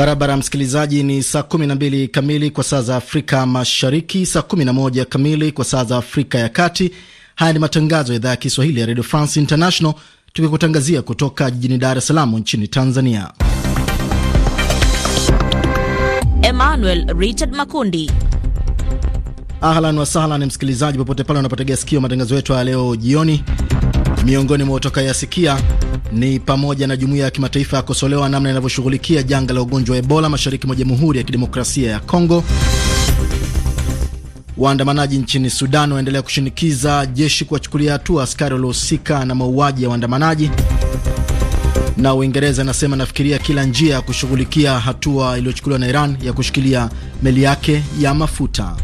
Barabara msikilizaji, ni saa 12 kamili kwa saa za Afrika Mashariki, saa 11 kamili kwa saa za Afrika ya Kati. Haya ni matangazo ya idhaa ya Kiswahili ya Radio France International, tukikutangazia kutoka jijini Dar es Salaam nchini Tanzania. Emmanuel Richard Makundi. Ahlan wasahlan msikilizaji, popote pale unapotegea sikio matangazo yetu ya leo jioni. Miongoni mwa utokayasikia ni pamoja na jumuiya ya kimataifa yakosolewa namna inavyoshughulikia janga la ugonjwa wa Ebola mashariki mwa Jamhuri ya Kidemokrasia ya Kongo. Waandamanaji nchini Sudan waendelea kushinikiza jeshi kuwachukulia hatua askari waliohusika na mauaji ya waandamanaji. Na Uingereza inasema nafikiria kila njia ya kushughulikia hatua iliyochukuliwa na Iran ya kushikilia meli yake ya mafuta.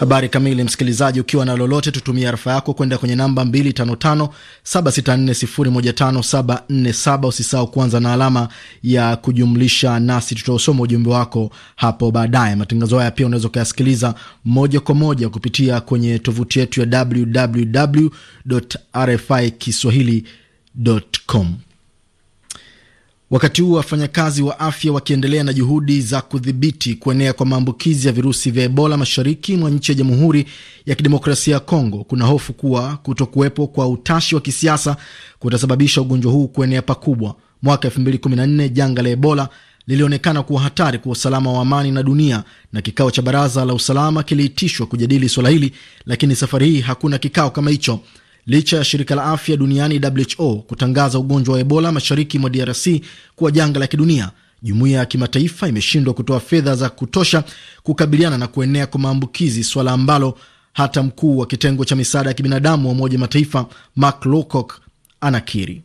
Habari kamili, msikilizaji, ukiwa na lolote, tutumie arafa yako kwenda kwenye namba 255764015747. Usisahau kuanza na alama ya kujumlisha, nasi tutausoma ujumbe wako hapo baadaye. Matangazo haya pia unaweza ukayasikiliza moja kwa moja kupitia kwenye tovuti yetu ya www.rfi kiswahili.com. Wakati huu wafanyakazi wa afya wakiendelea na juhudi za kudhibiti kuenea kwa maambukizi ya virusi vya Ebola mashariki mwa nchi ya Jamhuri ya Kidemokrasia ya Kongo, kuna hofu kuwa kuto kuwepo kwa utashi wa kisiasa kutasababisha ugonjwa huu kuenea pakubwa. Mwaka 2014 janga la Ebola lilionekana kuwa hatari kwa usalama wa amani na dunia, na kikao cha Baraza la Usalama kiliitishwa kujadili swala hili, lakini safari hii hakuna kikao kama hicho licha ya shirika la afya duniani WHO kutangaza ugonjwa wa Ebola mashariki mwa DRC kuwa janga la kidunia. Jumuiya ya kimataifa imeshindwa kutoa fedha za kutosha kukabiliana na kuenea kwa maambukizi, suala ambalo hata mkuu wa kitengo cha misaada ya kibinadamu wa Umoja Mataifa Mark Lowcock anakiri.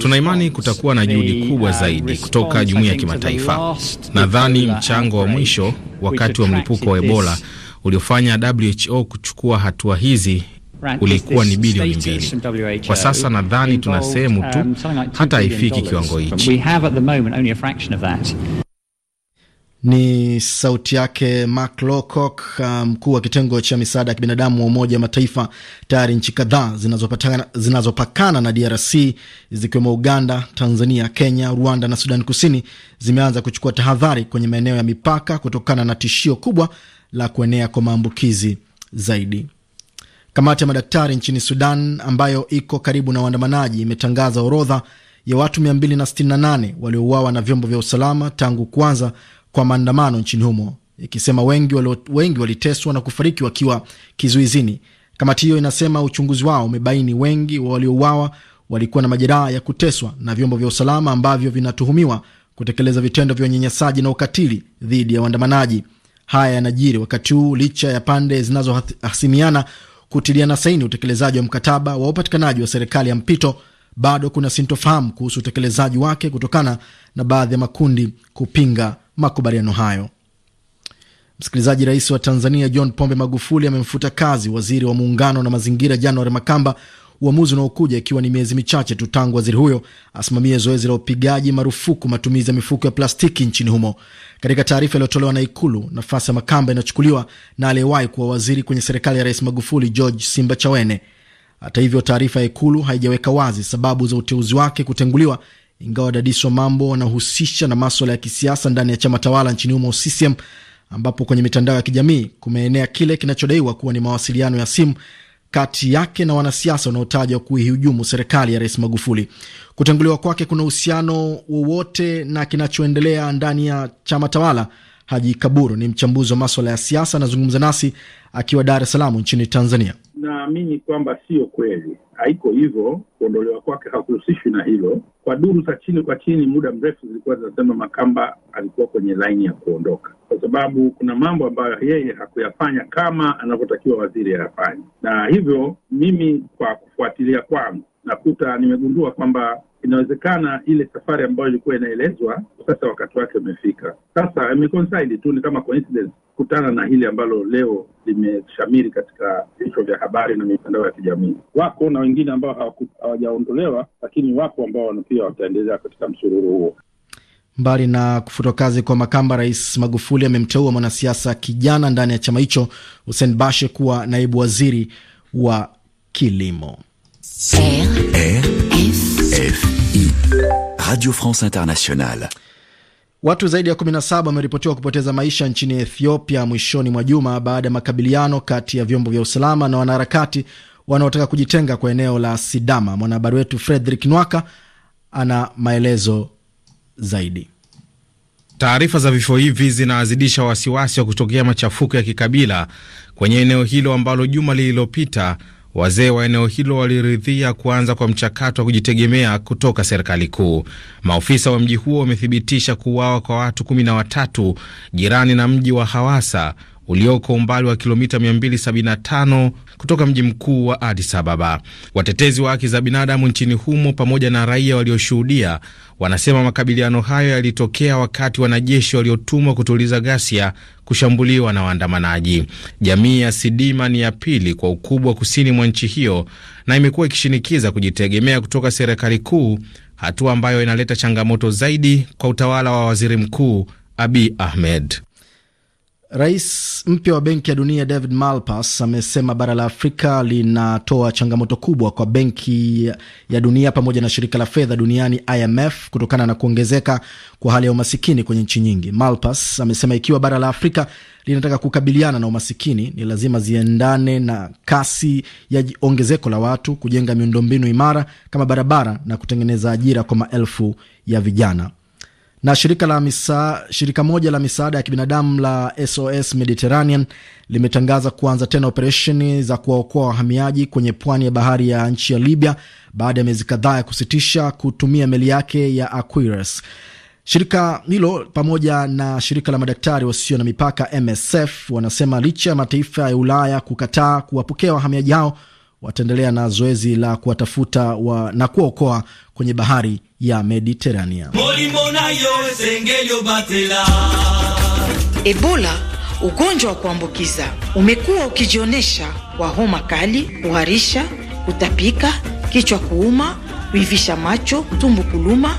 Tunaimani kutakuwa na juhudi kubwa zaidi kutoka jumuiya ya kimataifa. Nadhani mchango wa mwisho wakati wa mlipuko wa Ebola uliofanya WHO kuchukua hatua hizi ulikuwa ni bilioni mbili. Kwa sasa nadhani tuna sehemu um, tu, hata haifiki kiwango hichi. Ni sauti yake Mark Lowcock, um, mkuu um, wa kitengo cha misaada ya kibinadamu wa Umoja wa Mataifa. Tayari nchi kadhaa zinazopakana na DRC zikiwemo Uganda, Tanzania, Kenya, Rwanda na Sudan Kusini zimeanza kuchukua tahadhari kwenye maeneo ya mipaka kutokana na tishio kubwa la kuenea kwa maambukizi zaidi. Kamati ya madaktari nchini Sudan ambayo iko karibu na waandamanaji imetangaza orodha ya watu 268 waliouawa na vyombo vya usalama tangu kuanza kwa maandamano nchini humo, ikisema wengi waliteswa na kufariki wakiwa kizuizini. Kamati hiyo inasema uchunguzi wao umebaini wengi wa waliouawa walikuwa na majeraha ya kuteswa na vyombo vya usalama ambavyo vinatuhumiwa kutekeleza vitendo vya unyanyasaji na ukatili dhidi ya waandamanaji. Haya yanajiri wakati huu licha ya pande zinazohasimiana kutiliana saini utekelezaji wa mkataba wa upatikanaji wa serikali ya mpito, bado kuna sintofahamu kuhusu utekelezaji wake kutokana na baadhi ya makundi kupinga makubaliano hayo. Msikilizaji, rais wa Tanzania John Pombe Magufuli amemfuta kazi waziri wa muungano na mazingira Januari Makamba uamuzi unaokuja ikiwa ni miezi michache tu tangu waziri huyo asimamie zoezi la upigaji marufuku matumizi ya mifuko ya plastiki nchini humo. Katika taarifa iliyotolewa na Ikulu, nafasi ya Makamba inachukuliwa na aliyewahi kuwa waziri kwenye serikali ya Rais Magufuli, George Simba Chawene. Hata hivyo, taarifa ya Ikulu haijaweka wazi sababu za uteuzi wake kutenguliwa, ingawa wadadisi wa mambo wanahusisha na maswala ya kisiasa ndani ya chama tawala nchini humo CCM ambapo kwenye mitandao ya kijamii kumeenea kile kinachodaiwa kuwa ni mawasiliano ya simu kati yake na wanasiasa wanaotajwa kuihujumu serikali ya Rais Magufuli. Kutenguliwa kwake kuna uhusiano wowote na kinachoendelea ndani ya chama tawala? Haji Kaburu ni mchambuzi wa maswala ya siasa, anazungumza nasi akiwa Dar es Salaam nchini Tanzania. Naamini kwamba sio kweli, haiko hivyo. Kuondolewa kwake hakuhusishwi na hilo. Kwa duru za chini kwa chini, muda mrefu zilikuwa zinasema Makamba alikuwa kwenye laini ya kuondoka kwa sababu kuna mambo ambayo yeye hakuyafanya kama anavyotakiwa waziri ayafanye, na hivyo mimi kwa kufuatilia kwangu nakuta nimegundua kwamba inawezekana ile safari ambayo ilikuwa inaelezwa sasa wakati wake umefika. Sasa imecoincide tu, ni kama coincidence kutana na hili ambalo leo limeshamiri katika vichwa vya habari na mitandao ya kijamii. Wako na wengine ambao hawajaondolewa, lakini wapo ambao pia wataendelea katika msururu huo. Mbali na kufutwa kazi kwa Makamba, Rais Magufuli amemteua mwanasiasa kijana ndani ya chama hicho Hussein Bashe kuwa naibu waziri wa kilimo. RFI Radio France Internationale. Watu zaidi ya 17 wameripotiwa kupoteza maisha nchini Ethiopia mwishoni mwa juma baada ya makabiliano kati ya vyombo vya usalama na wanaharakati wanaotaka kujitenga kwa eneo la Sidama. Mwanahabari wetu fredrik Nwaka ana maelezo zaidi. Taarifa za vifo hivi zinazidisha wasiwasi wa kutokea machafuko ya kikabila kwenye eneo hilo ambalo juma lililopita wazee wa eneo hilo waliridhia kuanza kwa mchakato wa kujitegemea kutoka serikali kuu. Maofisa wa mji huo wamethibitisha kuuawa kwa watu kumi na watatu jirani na mji wa Hawasa ulioko umbali wa kilomita 275 kutoka mji mkuu wa Addis Ababa. Watetezi wa haki za binadamu nchini humo pamoja na raia walioshuhudia wanasema makabiliano hayo yalitokea wakati wanajeshi waliotumwa kutuliza ghasia kushambuliwa na waandamanaji. Jamii ya Sidima ni ya pili kwa ukubwa kusini mwa nchi hiyo na imekuwa ikishinikiza kujitegemea kutoka serikali kuu, hatua ambayo inaleta changamoto zaidi kwa utawala wa waziri mkuu Abiy Ahmed. Rais mpya wa Benki ya Dunia David Malpass amesema bara la Afrika linatoa changamoto kubwa kwa Benki ya Dunia pamoja na shirika la fedha duniani IMF kutokana na kuongezeka kwa hali ya umasikini kwenye nchi nyingi. Malpass amesema ikiwa bara la Afrika linataka kukabiliana na umasikini, ni lazima ziendane na kasi ya ongezeko la watu, kujenga miundombinu imara kama barabara na kutengeneza ajira kwa maelfu ya vijana. Na shirika, la misa, shirika moja la misaada ya kibinadamu la SOS Mediterranean limetangaza kuanza tena operesheni za kuwaokoa wahamiaji kwenye pwani ya bahari ya nchi ya Libya baada ya miezi kadhaa ya kusitisha kutumia meli yake ya Aquarius. Shirika hilo pamoja na shirika la madaktari wasio na mipaka MSF wanasema licha ya mataifa ya Ulaya kukataa kuwapokea wahamiaji hao wataendelea na zoezi la kuwatafuta wa, na kuwaokoa kwenye bahari ya Mediterania. Ebola, ugonjwa wa kuambukiza umekuwa ukijionyesha kwa homa kali, kuharisha, kutapika, kichwa kuuma, kuivisha macho, tumbo kuluma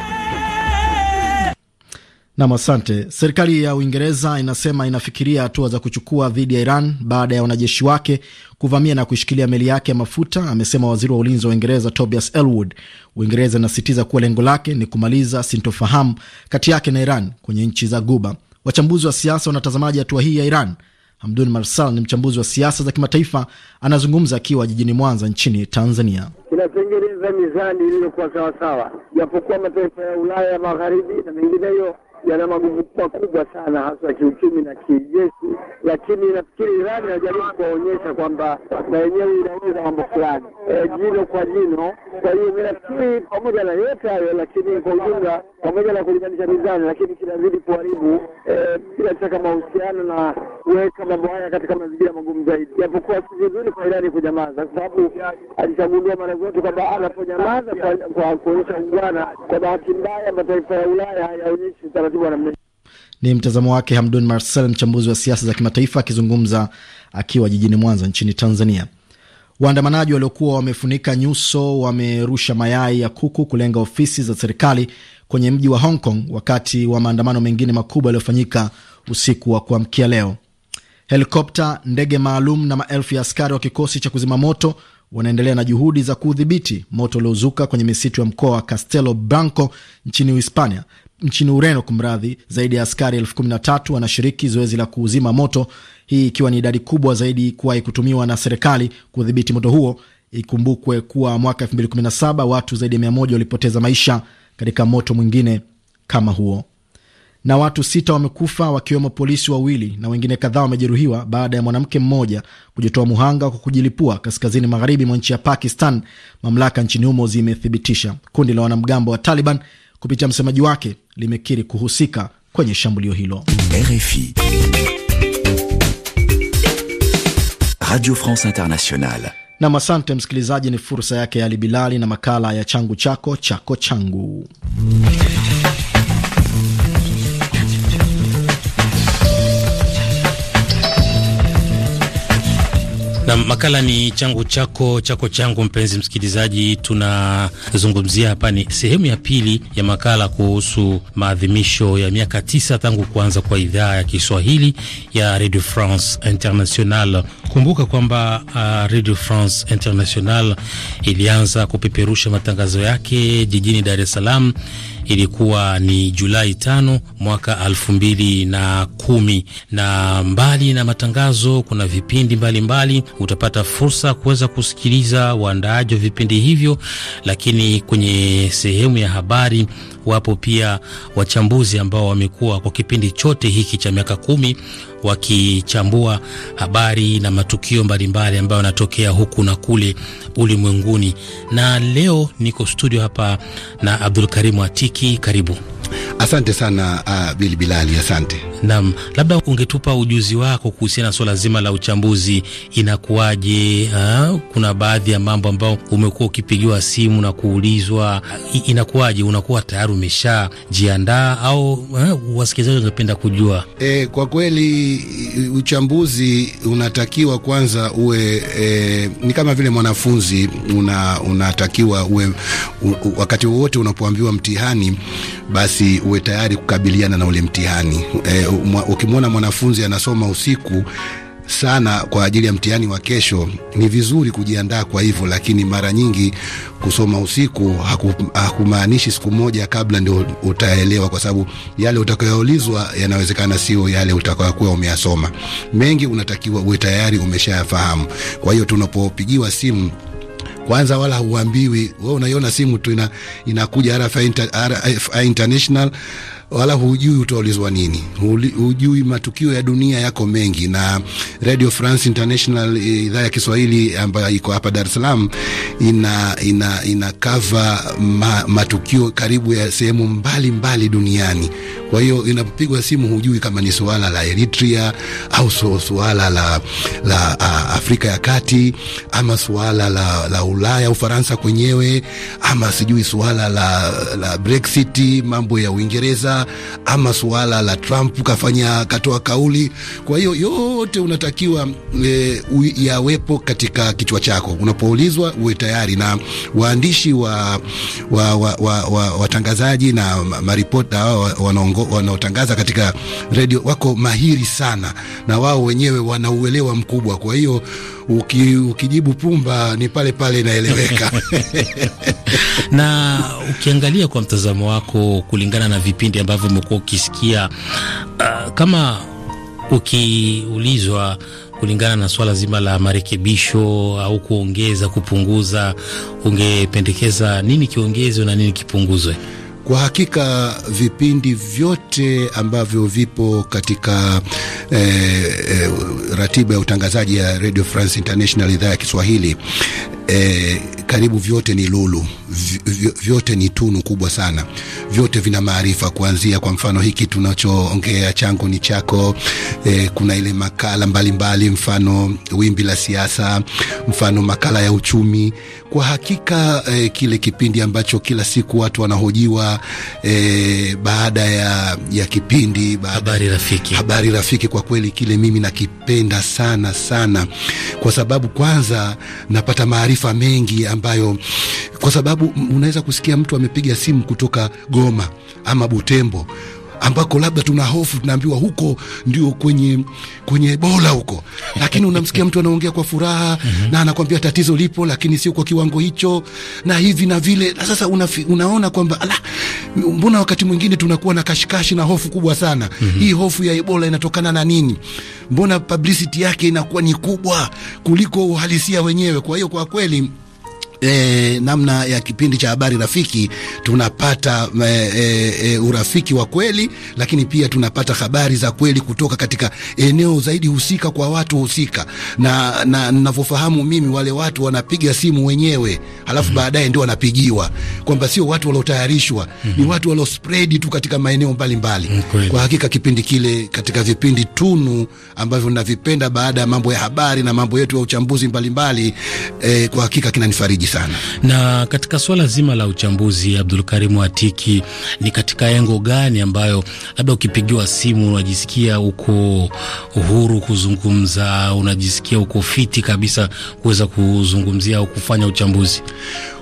Nam, asante. Serikali ya Uingereza inasema inafikiria hatua za kuchukua dhidi ya Iran baada ya wanajeshi wake kuvamia na kuishikilia meli yake ya mafuta, amesema waziri wa ulinzi wa Uingereza Tobias Elwood. Uingereza inasisitiza kuwa lengo lake ni kumaliza sintofahamu kati yake na Iran kwenye nchi za Guba. Wachambuzi wa siasa wanatazamaji hatua hii ya Iran. Hamdun Marsal ni mchambuzi wa siasa za kimataifa, anazungumza akiwa jijini Mwanza nchini Tanzania. Inatengeneza mizani iliyokuwa sawasawa, japokuwa mataifa ya Ulaya ya magharibi na mengineyo yana magumu makubwa sana hasa kiuchumi na kijeshi, lakini nafikiri Irani inajaribu kuwaonyesha kwamba na yenyewe inaweza mambo fulani e, jino kwa jino. Kwa hiyo mi nafikiri pamoja na yote hayo, lakini kwa ujumla, pamoja na kulinganisha mizani, lakini kinazidi kuharibu e, bila shaka mahusiano na kuweka mambo haya katika mazingira magumu zaidi, japokuwa si vizuri kwa Irani kunyamaza, kwa sababu alichaguliwa mara zote kwamba anaponyamaza kwa kuonyesha ungwana. Kwa bahati mbaya, mataifa ya Ulaya hayaonyeshi ni mtazamo wake Hamdun Marcel, mchambuzi wa siasa za kimataifa akizungumza akiwa jijini Mwanza nchini Tanzania. Waandamanaji waliokuwa wamefunika nyuso wamerusha mayai ya kuku kulenga ofisi za serikali kwenye mji wa Hong Kong wakati wa maandamano mengine makubwa yaliyofanyika usiku wa kuamkia leo. Helikopta, ndege maalum na maelfu ya askari wa kikosi cha kuzima moto wanaendelea na juhudi za kuudhibiti moto uliozuka kwenye misitu ya mkoa wa Castelo Branco nchini Uhispania nchini Ureno, kumradhi, zaidi ya askari elfu kumi na tatu wanashiriki zoezi la kuuzima moto, hii ikiwa ni idadi kubwa zaidi kuwahi kutumiwa na serikali kudhibiti moto huo. Ikumbukwe kuwa mwaka 2017 watu zaidi ya mia moja walipoteza maisha katika moto mwingine kama huo. Na watu sita wamekufa wakiwemo polisi wawili na wengine kadhaa wamejeruhiwa baada ya mwanamke mmoja kujitoa muhanga kwa kujilipua kaskazini magharibi mwa nchi ya Pakistan, mamlaka nchini humo zimethibitisha. Kundi la wanamgambo wa Taliban kupitia msemaji wake limekiri kuhusika kwenye shambulio hilo. RFI Radio France Internationale. Nam, asante msikilizaji. Ni fursa yake ya Ali Bilali na makala ya changu chako chako changu Na makala ni changu chako chako changu. Mpenzi msikilizaji, tunazungumzia hapa ni sehemu ya pili ya makala kuhusu maadhimisho ya miaka tisa tangu kuanza kwa idhaa ya Kiswahili ya Radio France International. Kumbuka kwamba uh, Radio France International ilianza kupeperusha matangazo yake jijini Dar es Salaam ilikuwa ni Julai tano mwaka elfu mbili na kumi. Na mbali na matangazo, kuna vipindi mbalimbali mbali, utapata fursa kuweza kusikiliza waandaaji wa vipindi hivyo, lakini kwenye sehemu ya habari wapo pia wachambuzi ambao wamekuwa kwa kipindi chote hiki cha miaka kumi wakichambua habari na matukio mbalimbali ambayo yanatokea huku na kule ulimwenguni. Na leo niko studio hapa na Abdul Karimu Atiki, karibu. Asante sana uh, Bili Bilali, asante. Naam, labda ungetupa ujuzi wako kuhusiana na swala zima la uchambuzi, inakuwaje? Uh, kuna baadhi ya mambo ambayo umekuwa ukipigiwa simu na kuulizwa, inakuwaje? Unakuwa tayari umeshajiandaa au uh, wasikilizaji wangependa kujua? E, kwa kweli uchambuzi unatakiwa kwanza uwe e, ni kama vile mwanafunzi una, unatakiwa uwe u, u, wakati wowote unapoambiwa mtihani, basi uwe tayari kukabiliana na ule mtihani. E, ukimwona mwanafunzi anasoma usiku sana kwa ajili ya mtihani wa kesho. Ni vizuri kujiandaa kwa hivyo, lakini mara nyingi kusoma usiku hakumaanishi siku moja kabla ndio utaelewa, kwa sababu yale utakayoulizwa yanawezekana sio yale utakayokuwa umeyasoma. Mengi unatakiwa uwe tayari umeshayafahamu. Kwa hiyo tunapopigiwa simu kwanza wala huambiwi wewe, unaiona simu tu ina, inakuja RFI International wala hujui utaulizwa nini, hujui. Matukio ya dunia yako mengi, na Radio France International eh, idhaa ya Kiswahili ambayo iko hapa Dar es Salaam ina, ina, ina cover ma, matukio karibu ya sehemu mbalimbali duniani. Kwa hiyo inapopigwa simu, hujui kama ni suala la Eritrea au suala la, la a, Afrika ya Kati ama suala la, la Ulaya, Ufaransa kwenyewe ama sijui suala la, la Brexit, mambo ya Uingereza ama suala la Trump kafanya katoa kauli. Kwa hiyo yote unatakiwa e, yawepo katika kichwa chako unapoulizwa, uwe tayari. Na waandishi wa watangazaji wa, wa, wa, wa na maripota wanaotangaza katika redio wako mahiri sana, na wao wenyewe wana uelewa mkubwa, kwa hiyo uki, ukijibu pumba ni pale pale inaeleweka. na ukiangalia kwa mtazamo wako, kulingana na vipindi ambavyo umekuwa ukisikia, uh, kama ukiulizwa kulingana na swala zima la marekebisho au kuongeza kupunguza, ungependekeza nini kiongezwe na nini kipunguzwe? Kwa hakika vipindi vyote ambavyo vipo katika eh, eh, ratiba ya utangazaji ya Radio France International idhaa ya Kiswahili eh, karibu vyote ni lulu v, vyote ni tunu kubwa sana, vyote vina maarifa, kuanzia kwa mfano hiki tunachoongea changu ni chako e, kuna ile makala mbalimbali mbali, mfano wimbi la siasa, mfano makala ya uchumi. Kwa hakika e, kile kipindi ambacho kila siku watu wanahojiwa e, baada ya, ya kipindi baada, habari rafiki, habari rafiki, kwa kweli kile mimi nakipenda sana sana, kwa sababu kwanza napata maarifa mengi ambayo kwa sababu unaweza kusikia mtu amepiga simu kutoka Goma ama Butembo ambako labda tuna hofu tunaambiwa huko ndio kwenye kwenye Ebola huko, lakini unamsikia mtu anaongea kwa furaha mm -hmm. na anakwambia tatizo lipo, lakini sio kwa kiwango hicho na hivi na vile. Sasa unafi, unaona kwamba ala, mbona wakati mwingine tunakuwa na kashikashi na hofu kubwa sana mm -hmm. Hii hofu ya Ebola inatokana na nini? Mbona publicity yake inakuwa ni kubwa kuliko uhalisia wenyewe? Kwa hiyo kwa kweli e, namna ya kipindi cha habari rafiki tunapata e, e, e, urafiki wa kweli, lakini pia tunapata habari za kweli kutoka katika eneo zaidi husika kwa watu husika, na ninavyofahamu na mimi, wale watu wanapiga simu wenyewe halafu mm -hmm. baadaye ndio wanapigiwa, kwamba sio watu waliotayarishwa mm -hmm. ni watu waliospredi tu katika maeneo mbalimbali mm -hmm. Kwa hakika kipindi kile katika vipindi tunu ambavyo navipenda baada ya mambo ya habari na mambo yetu ya uchambuzi mbalimbali mbali, e, kwa hakika kinanifariji sana. Na katika swala zima la uchambuzi, Abdul Karimu Atiki, ni katika engo gani ambayo labda ukipigiwa simu unajisikia uko uhuru kuzungumza, unajisikia uko fiti kabisa kuweza kuzungumzia au kufanya uchambuzi?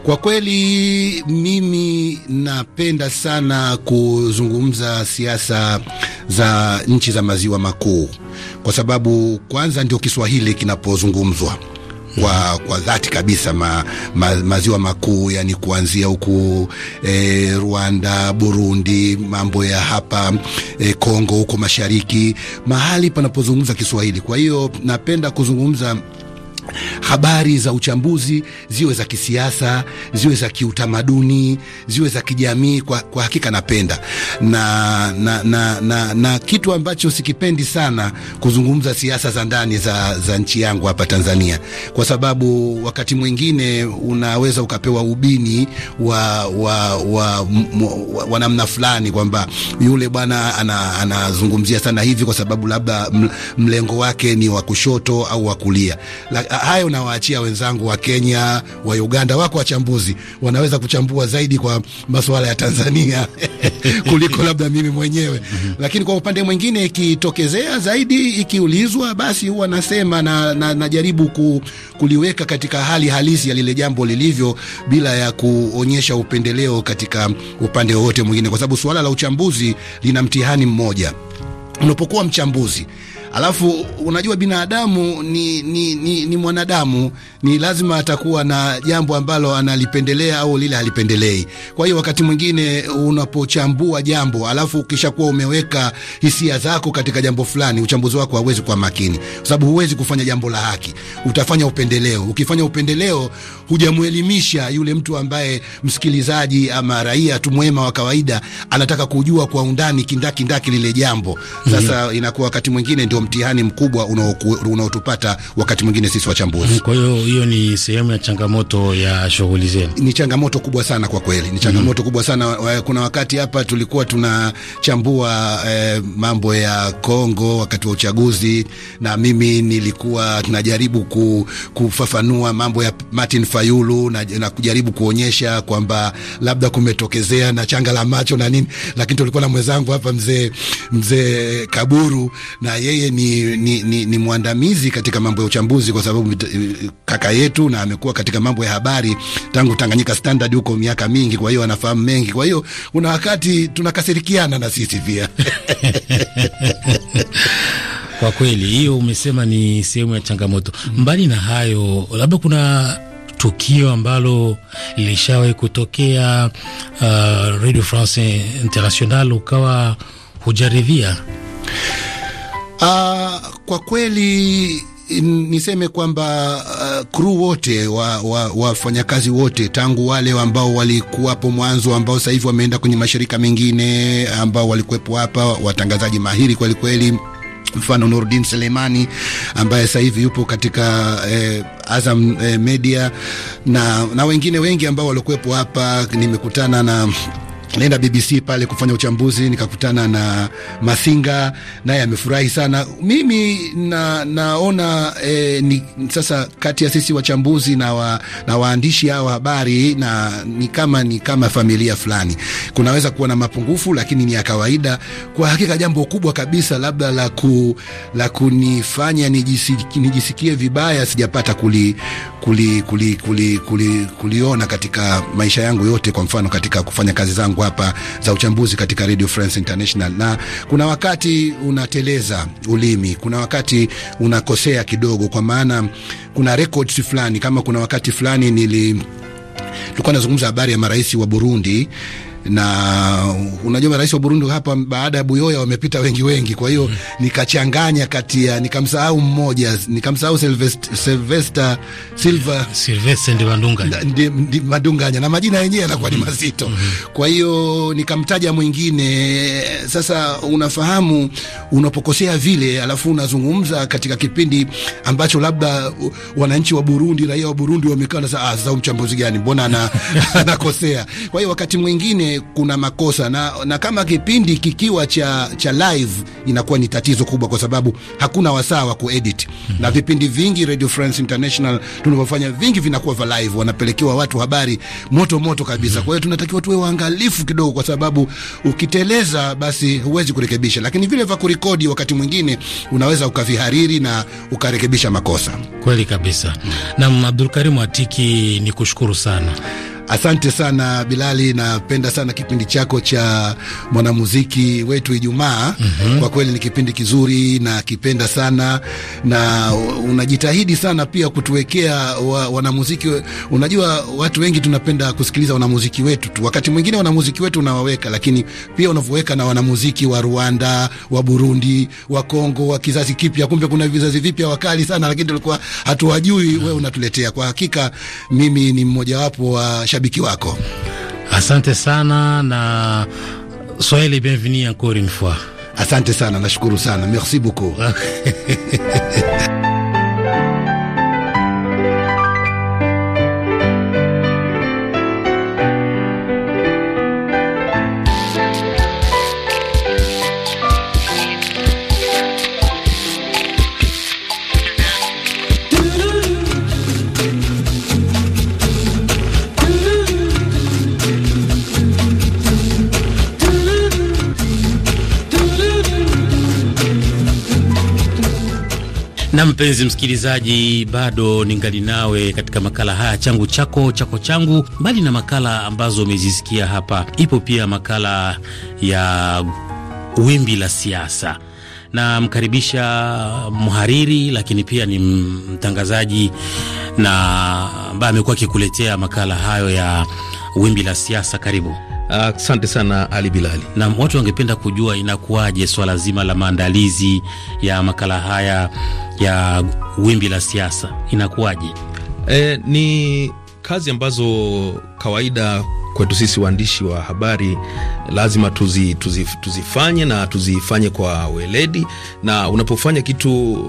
Kwa kweli mimi napenda sana kuzungumza siasa za nchi za maziwa makuu, kwa sababu kwanza ndio Kiswahili kinapozungumzwa kwa kwa dhati kabisa ma, ma, maziwa makuu yani kuanzia huku e, Rwanda, Burundi, mambo ya hapa e, Kongo huko mashariki, mahali panapozungumza Kiswahili. Kwa hiyo napenda kuzungumza habari za uchambuzi ziwe za kisiasa, ziwe za kiutamaduni, ziwe za kijamii. Kwa, kwa hakika napenda na na, na, na na kitu ambacho sikipendi sana kuzungumza siasa za ndani za, za nchi yangu hapa Tanzania, kwa sababu wakati mwingine unaweza ukapewa ubini wa, wa, wa, wa, wa namna fulani kwamba yule bwana anazungumzia ana sana hivi kwa sababu labda mlengo wake ni wa kushoto au wa kulia la, hayo unawaachia wenzangu wa Kenya, wa Uganda, wako wachambuzi wanaweza kuchambua zaidi kwa masuala ya Tanzania kuliko labda mimi mwenyewe. Lakini kwa upande mwingine, ikitokezea zaidi, ikiulizwa, basi huwa nasema na, na, najaribu ku, kuliweka katika hali halisi ya lile jambo lilivyo bila ya kuonyesha upendeleo katika upande wowote mwingine, kwa sababu suala la uchambuzi lina mtihani mmoja. Unapokuwa mchambuzi Alafu unajua binadamu ni, ni, ni, ni mwanadamu, ni lazima atakuwa na jambo ambalo analipendelea au lile halipendelei. Kwa hiyo wakati mwingine unapochambua jambo alafu ukishakuwa umeweka hisia zako katika jambo fulani, uchambuzi wako hauwezi kuwa makini, kwa sababu huwezi kufanya jambo la haki, utafanya upendeleo. Ukifanya upendeleo, hujamwelimisha yule mtu ambaye msikilizaji ama raia tu mwema wa kawaida anataka kujua kwa undani kindaki lile jambo. Sasa mm -hmm. inakuwa wakati mwingine ndio ndio mtihani mkubwa unaotupata wakati mwingine sisi wachambuzi. Kwa hiyo hiyo ni sehemu ya changamoto ya shughuli zenu. Ni changamoto kubwa sana kwa kweli, ni changamoto mm. kubwa sana. Eh, kuna wakati hapa tulikuwa tunachambua eh, mambo ya Kongo wakati wa uchaguzi, na mimi nilikuwa tunajaribu ku, kufafanua mambo ya Martin Fayulu na, na kujaribu kuonyesha kwamba labda kumetokezea na changa la macho na nini, lakini tulikuwa na mwenzangu hapa mzee mzee Kaburu na yeye ni, ni, ni, ni mwandamizi katika mambo ya uchambuzi kwa sababu kaka yetu na amekuwa katika mambo ya habari tangu Tanganyika Standard huko miaka mingi, kwa hiyo anafahamu mengi. Kwa hiyo kuna wakati tunakasirikiana na sisi pia kwa kweli. Hiyo umesema ni sehemu ya changamoto. Mbali na hayo, labda kuna tukio ambalo lilishawahi kutokea uh, Radio France International ukawa hujaridhia? Uh, kwa kweli niseme kwamba uh, ah, kru wote wafanyakazi wa, wa wote tangu wale ambao walikuwapo mwanzo ambao sasa hivi wameenda kwenye mashirika mengine ambao walikuwepo hapa, watangazaji mahiri kwelikweli, mfano Nurdin Selemani ambaye sasa hivi yupo katika eh, Azam eh, Media na, na wengine wengi ambao walikuwepo hapa. Nimekutana na Nenda BBC pale kufanya uchambuzi, nikakutana na masinga naye amefurahi sana. Mimi na, naona e, ni, sasa kati ya sisi wachambuzi na, wa, na waandishi hao habari na ni kama ni kama familia fulani, kunaweza kuwa na mapungufu, lakini ni ya kawaida. Kwa hakika jambo kubwa kabisa labda la ku, la kunifanya nijisikie, nijisikie vibaya sijapata kuli, kuli, kuli, kuli, kuli, kuliona katika maisha yangu yote, kwa mfano katika kufanya kazi zangu zangu hapa za uchambuzi katika Radio France International, na kuna wakati unateleza ulimi, kuna wakati unakosea kidogo, kwa maana kuna records fulani, kama kuna wakati fulani nili tulikuwa nazungumza habari ya marais wa Burundi na unajua rais wa Burundi hapa baada ya Buyoya wamepita wengi wengi, kwa hiyo mm nikachanganya kati ya nikamsahau mmoja, nikamsahau Sylvester Sylvester Silva Sylvester ndi Mandunganya ndi na majina yenyewe yanakuwa ni mm-hmm. mazito mm -hmm. kwa hiyo nikamtaja mwingine. Sasa unafahamu unapokosea vile, alafu unazungumza katika kipindi ambacho labda wananchi wa Burundi, raia wa Burundi wamekaa na sasa, ah, sasa mchambuzi gani, mbona anakosea? Kwa hiyo wakati mwingine kuna makosa na, na kama kipindi kikiwa cha, cha live inakuwa ni tatizo kubwa, kwa sababu hakuna wasaa wa kuedit mm -hmm. Na vipindi vingi Radio France International tunavyofanya vingi vinakuwa vya live, wanapelekewa watu habari moto moto kabisa mm -hmm. Kwa hiyo tunatakiwa tuwe waangalifu kidogo, kwa sababu ukiteleza, basi huwezi kurekebisha, lakini vile vya kurekodi, wakati mwingine unaweza ukavihariri na ukarekebisha makosa. Kweli kabisa. Mhm. Naam, Abdulkarim Atiki, ni kushukuru sana Asante sana Bilali, napenda sana kipindi chako cha mwanamuziki wetu Ijumaa. mm -hmm. Kwa kweli ni kipindi kizuri na kipenda sana, na unajitahidi sana pia kutuwekea wa, wanamuziki. Unajua watu wengi tunapenda kusikiliza wanamuziki wetu tu, wakati mwingine wanamuziki wetu unawaweka, lakini pia unavyoweka na wanamuziki wa Rwanda, wa Burundi, wa Kongo, wa kizazi kipya. Kumbe kuna vizazi vipya wakali sana, lakini tulikuwa hatuwajui. mm -hmm. Wewe unatuletea kwa hakika, mimi ni mmojawapo wa shabiki wako. Asante sana na soyez bienvenue encore une fois. Asante sana, nashukuru sana, merci beaucoup Na mpenzi msikilizaji, bado ningali nawe katika makala haya changu chako chako changu. Mbali na makala ambazo umezisikia hapa, ipo pia makala ya wimbi la siasa. Namkaribisha mhariri lakini pia ni mtangazaji na ambaye amekuwa akikuletea makala hayo ya wimbi la siasa. Karibu. Asante uh, sana Ali Bilali. Na watu wangependa kujua inakuwaje swala zima la maandalizi ya makala haya ya wimbi la siasa inakuwaje? E, ni kazi ambazo kawaida kwetu sisi waandishi wa habari lazima tuzi, tuzi, tuzifanye na tuzifanye kwa weledi, na unapofanya kitu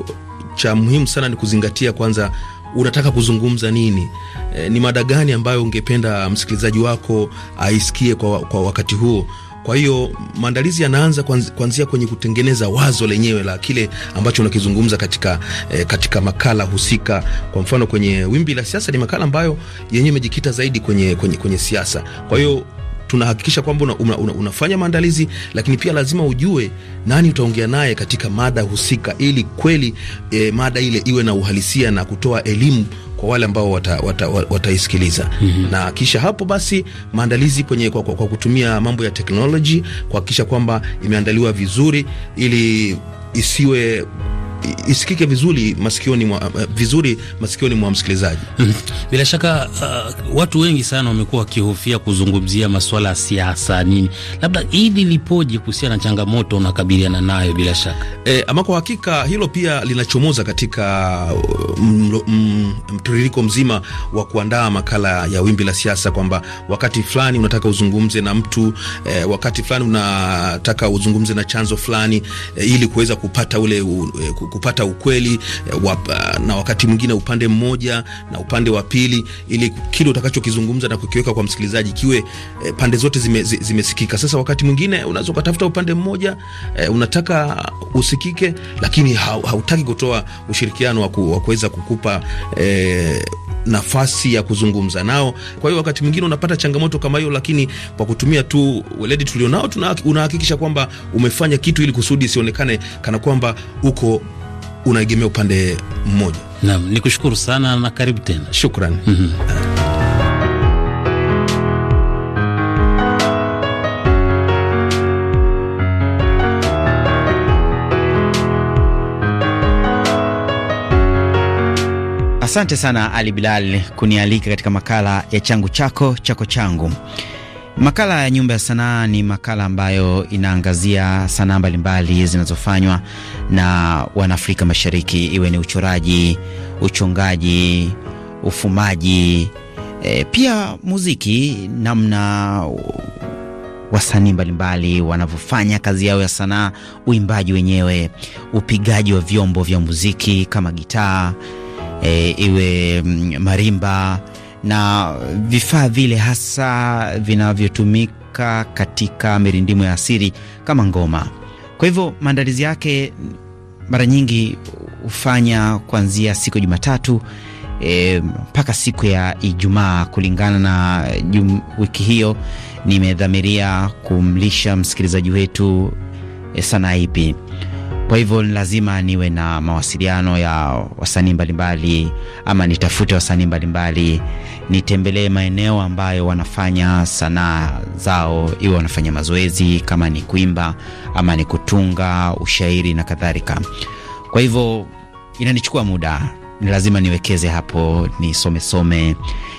cha muhimu sana ni kuzingatia kwanza unataka kuzungumza nini? E, ni mada gani ambayo ungependa msikilizaji wako aisikie kwa, kwa wakati huo. Kwa hiyo maandalizi yanaanza kuanzia kwenye kutengeneza wazo lenyewe la kile ambacho unakizungumza katika, eh, katika makala husika. Kwa mfano kwenye wimbi la siasa ni makala ambayo yenyewe imejikita zaidi kwenye, kwenye, kwenye siasa. Kwa hiyo tunahakikisha kwamba una, una, una, unafanya maandalizi, lakini pia lazima ujue nani utaongea naye katika mada husika, ili kweli eh, mada ile iwe na uhalisia na kutoa elimu kwa wale ambao wataisikiliza wata, wata mm -hmm. na kisha hapo basi maandalizi kwenye kwa, kwa, kwa kutumia mambo ya teknoloji kuhakikisha kwamba imeandaliwa vizuri ili isiwe isikike vizuri masikioni mwa, eh, vizuri masikioni mwa msikilizaji. Bila shaka uh, watu wengi sana wamekuwa wakihofia kuzungumzia masuala ya siasa nini, labda hili lipoje kuhusiana na changamoto unakabiliana nayo? Bila shaka e, ama kwa hakika hilo pia linachomoza katika uh, mm, mtiririko mzima wa kuandaa makala ya wimbi la siasa, kwamba wakati fulani unataka uzungumze na mtu e, wakati fulani unataka uzungumze na chanzo fulani e, ili kuweza kupata ule u, e, kupata ukweli eh, wap, eh, na wakati mwingine upande mmoja na upande wa pili, ili kile utakachokizungumza na kukiweka kwa msikilizaji kiwe eh, pande zote zimesikika zime, zime. Sasa wakati mwingine unaweza ukatafuta upande mmoja eh, unataka usikike, lakini hautaki kutoa ushirikiano wa kuweza kukupa eh, nafasi ya kuzungumza nao. Kwa hiyo wakati mwingine unapata changamoto kama hiyo, lakini kwa kutumia tu weledi tulionao, unahakikisha kwamba umefanya kitu ili kusudi isionekane kana kwamba uko unaegemea upande mmoja. Naam, kushukuru sana na karibu tena. Shukrani. mm -hmm. Asante sana Ali Bilal kunialika katika makala ya changu chako chako changu. Makala ya Nyumba ya Sanaa ni makala ambayo inaangazia sanaa mbalimbali zinazofanywa na Wanaafrika Mashariki, iwe ni uchoraji, uchongaji, ufumaji, e, pia muziki, namna wasanii mbalimbali wanavyofanya kazi yao ya sanaa, uimbaji wenyewe, upigaji wa vyombo vya muziki kama gitaa, e, iwe mm, marimba na vifaa vile hasa vinavyotumika katika mirindimo ya asiri kama ngoma. Kwa hivyo maandalizi yake mara nyingi hufanya kuanzia siku ya Jumatatu e, mpaka e, siku ya Ijumaa kulingana na jum, wiki hiyo nimedhamiria kumlisha msikilizaji wetu e, sanaa ipi. Kwa hivyo ni lazima niwe na mawasiliano ya wasanii mbalimbali, ama nitafute wasanii mbalimbali, nitembelee maeneo ambayo wanafanya sanaa zao, iwe wanafanya mazoezi kama ni kuimba ama ni kutunga ushairi na kadhalika. Kwa hivyo inanichukua muda, ni lazima niwekeze hapo, nisomesome,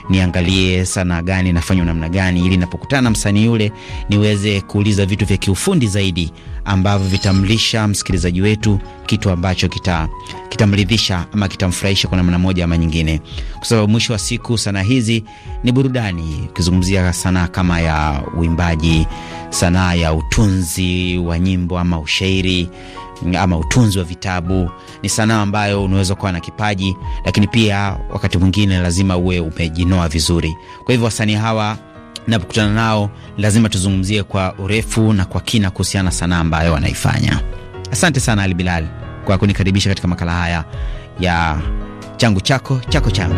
niangalie sanaa gani nafanywa namna gani, ili napokutana na msanii yule niweze kuuliza vitu vya kiufundi zaidi ambavyo vitamlisha msikilizaji wetu kitu ambacho kitamridhisha ama kitamfurahisha kwa namna moja ama nyingine, kwa sababu mwisho wa siku sanaa hizi ni burudani. Ukizungumzia sanaa kama ya uimbaji, sanaa ya utunzi wa nyimbo ama ushairi ama utunzi wa vitabu ni sanaa ambayo unaweza kuwa na kipaji, lakini pia wakati mwingine lazima uwe umejinoa vizuri. Kwa hivyo wasanii hawa napokutana nao lazima tuzungumzie kwa urefu na kwa kina kuhusiana sanaa ambayo wanaifanya. Asante sana Ali Bilal kwa kunikaribisha katika makala haya ya changu chako chako changu.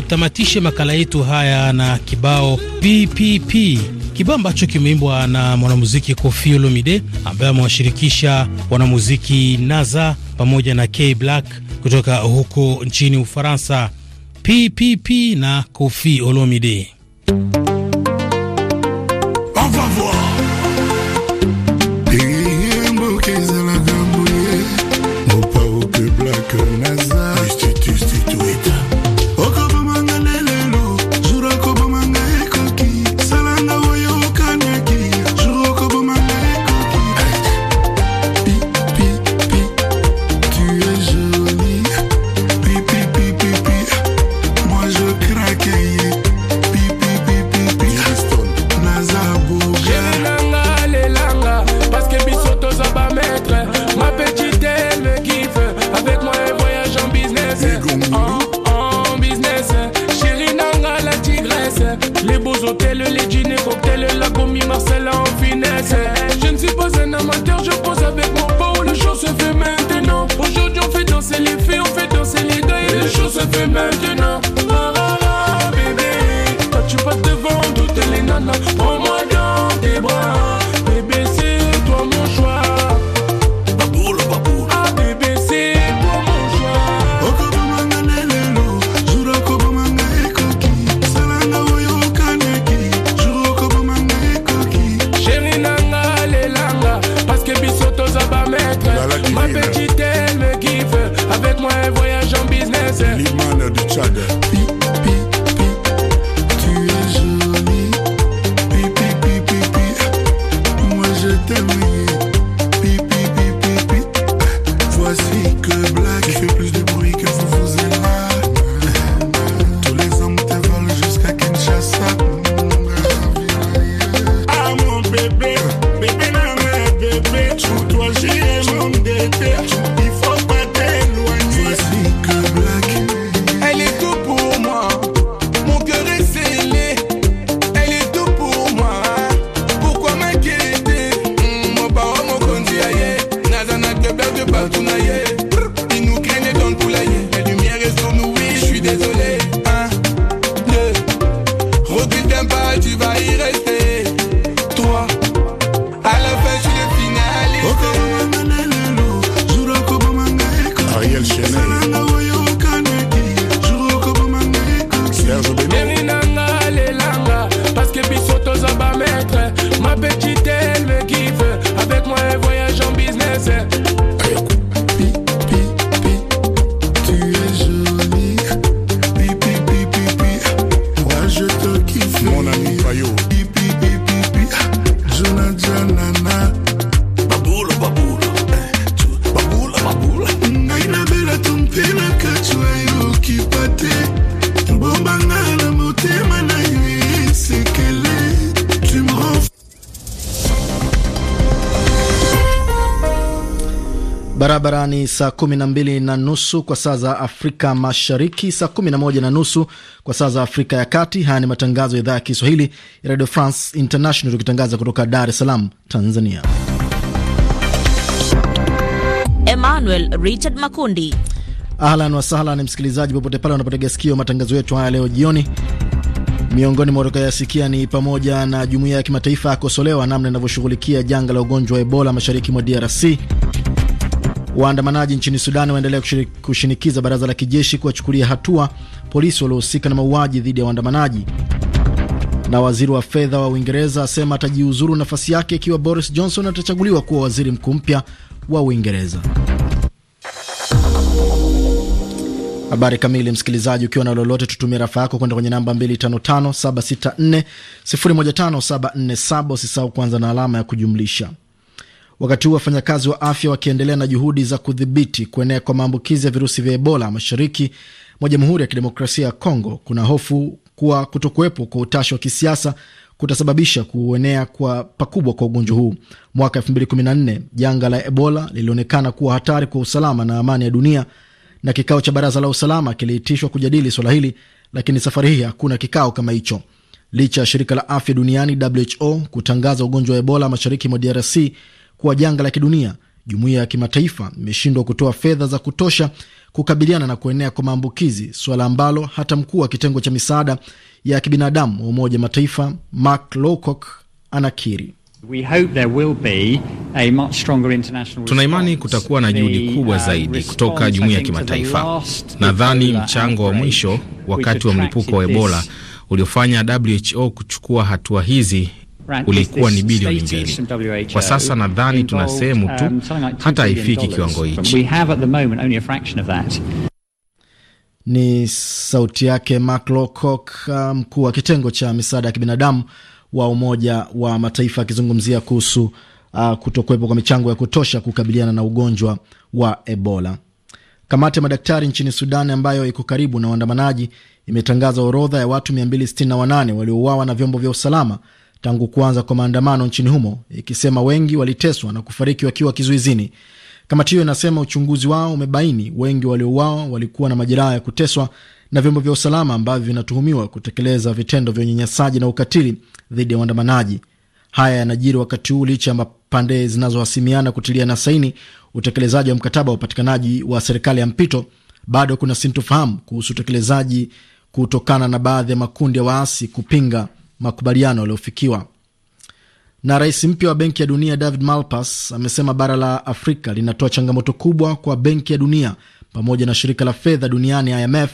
tutamatishe makala yetu haya na kibao PPP, kibao ambacho kimeimbwa na mwanamuziki Koffi Olomide ambaye amewashirikisha wanamuziki Naza pamoja na K Black kutoka huko nchini Ufaransa. PPP na Koffi Olomide. Barabara ni saa 12 na nusu kwa saa za Afrika Mashariki, saa 11 na nusu kwa saa za Afrika ya Kati. Haya ni matangazo ya idhaa ya Kiswahili ya Radio France International, tukitangaza kutoka Dar es Salaam, Tanzania. Emmanuel Richard Makundi. Ahlan wasahlan, msikilizaji popote pale unapotega sikio matangazo yetu haya leo jioni. Miongoni mwa utakayoyasikia ni pamoja na jumuiya ya kimataifa yakosolewa namna inavyoshughulikia janga la ugonjwa wa Ebola mashariki mwa DRC Waandamanaji nchini sudani waendelea kushinikiza baraza la kijeshi kuwachukulia hatua polisi waliohusika na mauaji dhidi ya waandamanaji. Na waziri wa fedha wa Uingereza asema atajiuzuru nafasi yake ikiwa Boris Johnson atachaguliwa kuwa waziri mkuu mpya wa Uingereza. Habari kamili, msikilizaji, ukiwa na lolote, tutumie rafa yako kwenda kwenye namba 255 764 Usisahau kuanza na alama ya kujumlisha Wakati huu wafanyakazi wa afya wakiendelea na juhudi za kudhibiti kuenea kwa maambukizi ya virusi vya Ebola mashariki mwa Jamhuri ya Kidemokrasia ya Kongo, kuna hofu kuwa kutokuwepo kwa utashi wa kisiasa kutasababisha kuenea kwa pakubwa kwa ugonjwa huu. Mwaka 2014 janga la Ebola lilionekana kuwa hatari kwa usalama na amani ya dunia, na kikao cha Baraza la Usalama kiliitishwa kujadili swala hili, lakini safari hii hakuna kikao kama hicho, licha ya shirika la afya duniani WHO kutangaza ugonjwa wa Ebola mashariki mwa DRC kuwa janga la kidunia, jumuiya ya kimataifa imeshindwa kutoa fedha za kutosha kukabiliana na kuenea kwa maambukizi, suala ambalo hata mkuu wa kitengo cha misaada ya kibinadamu wa Umoja Mataifa Mark Lowcock anakiri. Tunaimani kutakuwa na juhudi kubwa uh, zaidi kutoka jumuiya ya kimataifa. Nadhani mchango wa mwisho wakati wa mlipuko wa Ebola uliofanya WHO kuchukua hatua hizi ulikuwa ni bilioni mbili. Kwa sasa nadhani tuna sehemu tu um, hata haifiki kiwango hichi. Ni sauti yake Mark Lowcock, uh, mkuu wa kitengo cha misaada ya kibinadamu wa Umoja wa Mataifa akizungumzia kuhusu uh, kutokuwepo kwa michango ya kutosha kukabiliana na ugonjwa wa Ebola. Kamati ya madaktari nchini Sudan ambayo iko karibu na waandamanaji imetangaza orodha ya watu 268 waliouawa na vyombo vya usalama tangu kuanza kwa maandamano nchini humo, ikisema wengi waliteswa na kufariki wakiwa kizuizini. Kamati hiyo inasema uchunguzi wao umebaini wengi waliouawa walikuwa na majeraha ya kuteswa na vyombo vya usalama ambavyo vinatuhumiwa kutekeleza vitendo vya unyanyasaji na ukatili dhidi ya waandamanaji. Haya yanajiri wakati huu licha ya pande zinazohasimiana kutilia na saini utekelezaji wa mkataba wa upatikanaji wa serikali ya mpito. Bado kuna sintofahamu kuhusu utekelezaji kutokana na baadhi ya makundi ya waasi kupinga makubaliano yaliyofikiwa. Na rais mpya wa Benki ya Dunia David Malpass amesema bara la Afrika linatoa changamoto kubwa kwa Benki ya Dunia pamoja na shirika la fedha duniani IMF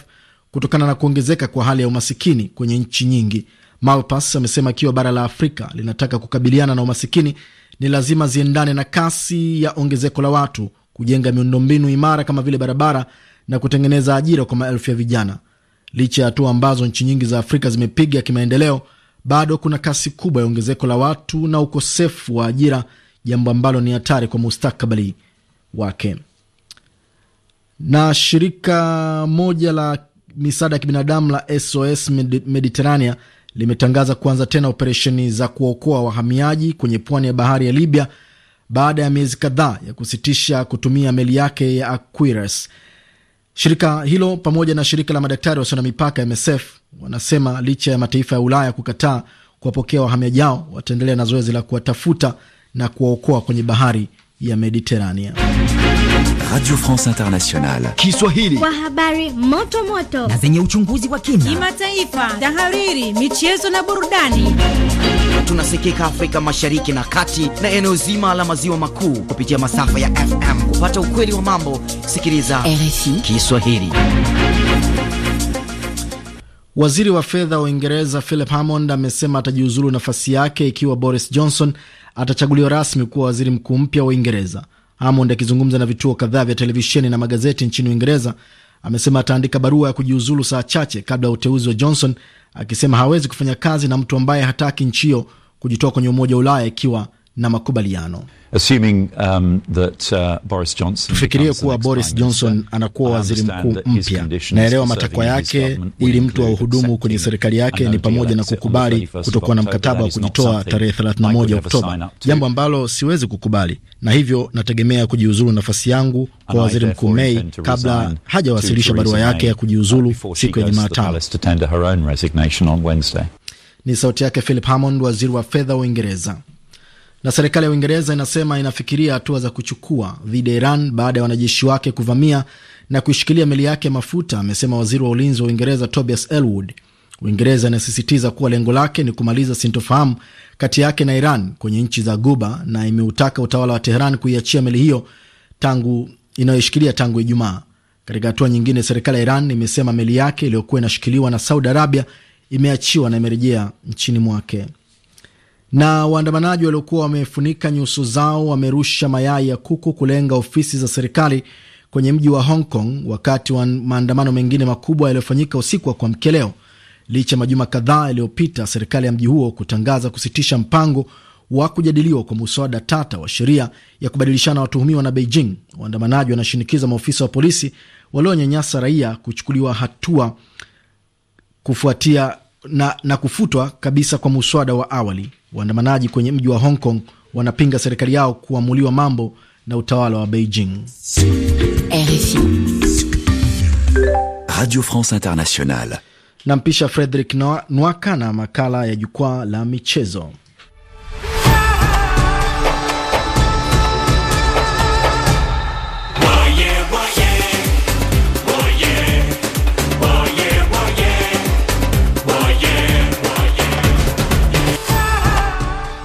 kutokana na kuongezeka kwa hali ya umasikini kwenye nchi nyingi. Malpass amesema ikiwa bara la Afrika linataka kukabiliana na umasikini, ni lazima ziendane na kasi ya ongezeko la watu, kujenga miundombinu imara kama vile barabara na kutengeneza ajira kwa maelfu ya vijana. Licha ya hatua ambazo nchi nyingi za Afrika zimepiga kimaendeleo, bado kuna kasi kubwa ya ongezeko la watu na ukosefu wa ajira, jambo ambalo ni hatari kwa mustakabali wake. Na shirika moja la misaada ya kibinadamu la SOS Mediterania limetangaza kuanza tena operesheni za kuokoa wahamiaji kwenye pwani ya bahari ya Libya baada ya miezi kadhaa ya kusitisha kutumia meli yake ya Aquarius Shirika hilo pamoja na shirika la madaktari wasio na mipaka MSF wanasema licha ya mataifa ya Ulaya kukataa kuwapokea wahamiaji hao, wataendelea na zoezi la kuwatafuta na kuwaokoa kwenye bahari ya Mediterania. Radio France Internationale Kiswahili, kwa habari moto moto na zenye uchunguzi wa kina, kimataifa, tahariri, michezo na burudani tunasikika Afrika Mashariki na Kati na eneo zima la maziwa makuu kupitia masafa ya FM. Kupata ukweli wa mambo, sikiliza RFI Kiswahili. Waziri wa fedha wa Uingereza Philip Hammond amesema atajiuzulu nafasi yake ikiwa Boris Johnson atachaguliwa rasmi kuwa waziri mkuu mpya wa Uingereza. Hammond akizungumza na vituo kadhaa vya televisheni na magazeti nchini Uingereza amesema ataandika barua ya kujiuzulu saa chache kabla ya uteuzi wa Johnson, akisema hawezi kufanya kazi na mtu ambaye hataki nchi hiyo kujitoa kwenye Umoja wa Ulaya ikiwa na makubaliano. Um, uh, tufikirie kuwa Boris Johnson anakuwa waziri mkuu mpya. Naelewa matakwa yake, ili mtu wa uhudumu kwenye serikali yake ni pamoja na kukubali kutokuwa na mkataba wa kujitoa tarehe 31 Oktoba, jambo ambalo siwezi kukubali, na hivyo nategemea kujiuzulu nafasi yangu kwa waziri mkuu Mei kabla hajawasilisha barua yake ya kujiuzulu siku ya Jumatano. Ni sauti yake Philip Hammond, waziri wa fedha wa Uingereza. Na serikali ya Uingereza inasema inafikiria hatua za kuchukua dhidi ya Iran baada ya wanajeshi wake kuvamia na kuishikilia meli yake ya mafuta, amesema waziri wa ulinzi wa Uingereza Tobias Elwood. Uingereza inasisitiza kuwa lengo lake ni kumaliza sintofahamu kati yake na Iran kwenye nchi za Guba na imeutaka utawala wa Teheran kuiachia meli hiyo tangu inayoishikilia tangu Ijumaa. Katika hatua nyingine, serikali ya Iran imesema meli yake iliyokuwa inashikiliwa na Saudi Arabia imeachiwa na imerejea nchini mwake. Na waandamanaji waliokuwa wamefunika nyuso zao wamerusha mayai ya kuku kulenga ofisi za serikali kwenye mji wa Hong Kong wakati wa maandamano mengine makubwa yaliyofanyika usiku wa kuamkia leo, licha ya majuma kadhaa yaliyopita serikali ya mji huo kutangaza kusitisha mpango wa kujadiliwa kwa muswada tata wa sheria ya kubadilishana watuhumiwa na Beijing. Waandamanaji wanashinikiza maofisa wa polisi walionyanyasa raia kuchukuliwa hatua kufuatia na, na kufutwa kabisa kwa muswada wa awali. Waandamanaji kwenye mji wa Hong Kong wanapinga serikali yao kuamuliwa mambo na utawala wa Beijing. RFI Radio France Internationale. Nampisha Frederick Nwaka na makala ya jukwaa la michezo.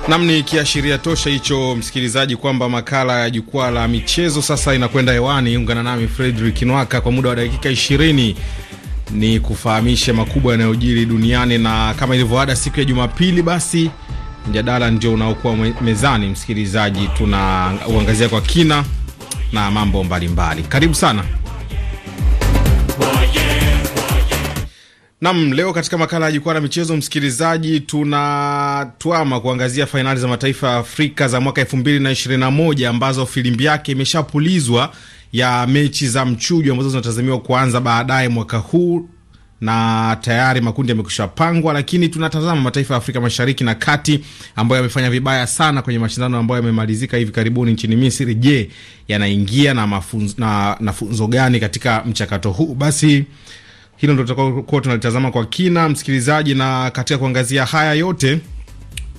Nam ni kiashiria tosha hicho, msikilizaji, kwamba makala ya jukwaa la michezo sasa inakwenda hewani. Ungana nami Fredrik Nwaka kwa muda wa dakika ishirini ni kufahamishe makubwa yanayojiri duniani, na kama ilivyoada siku ya Jumapili, basi mjadala ndio unaokuwa mezani. Msikilizaji, tuna uangazia kwa kina na mambo mbalimbali mbali. Karibu sana. Nam, leo katika makala ya jukwaa la michezo, msikilizaji, tunatwama kuangazia fainali za mataifa ya Afrika za mwaka elfu mbili na ishirini na moja ambazo filimbi yake imeshapulizwa ya mechi za mchujo ambazo zinatazamiwa kuanza baadaye mwaka huu na tayari makundi yamekusha pangwa, lakini tunatazama mataifa ya Afrika Mashariki na Kati ambayo yamefanya vibaya sana kwenye mashindano ambayo yamemalizika hivi karibuni nchini Misri. Je, yanaingia na mafunzo, na, na gani katika mchakato huu? Basi hilo ndo tutakuwa tunalitazama kwa kina, msikilizaji, na katika kuangazia haya yote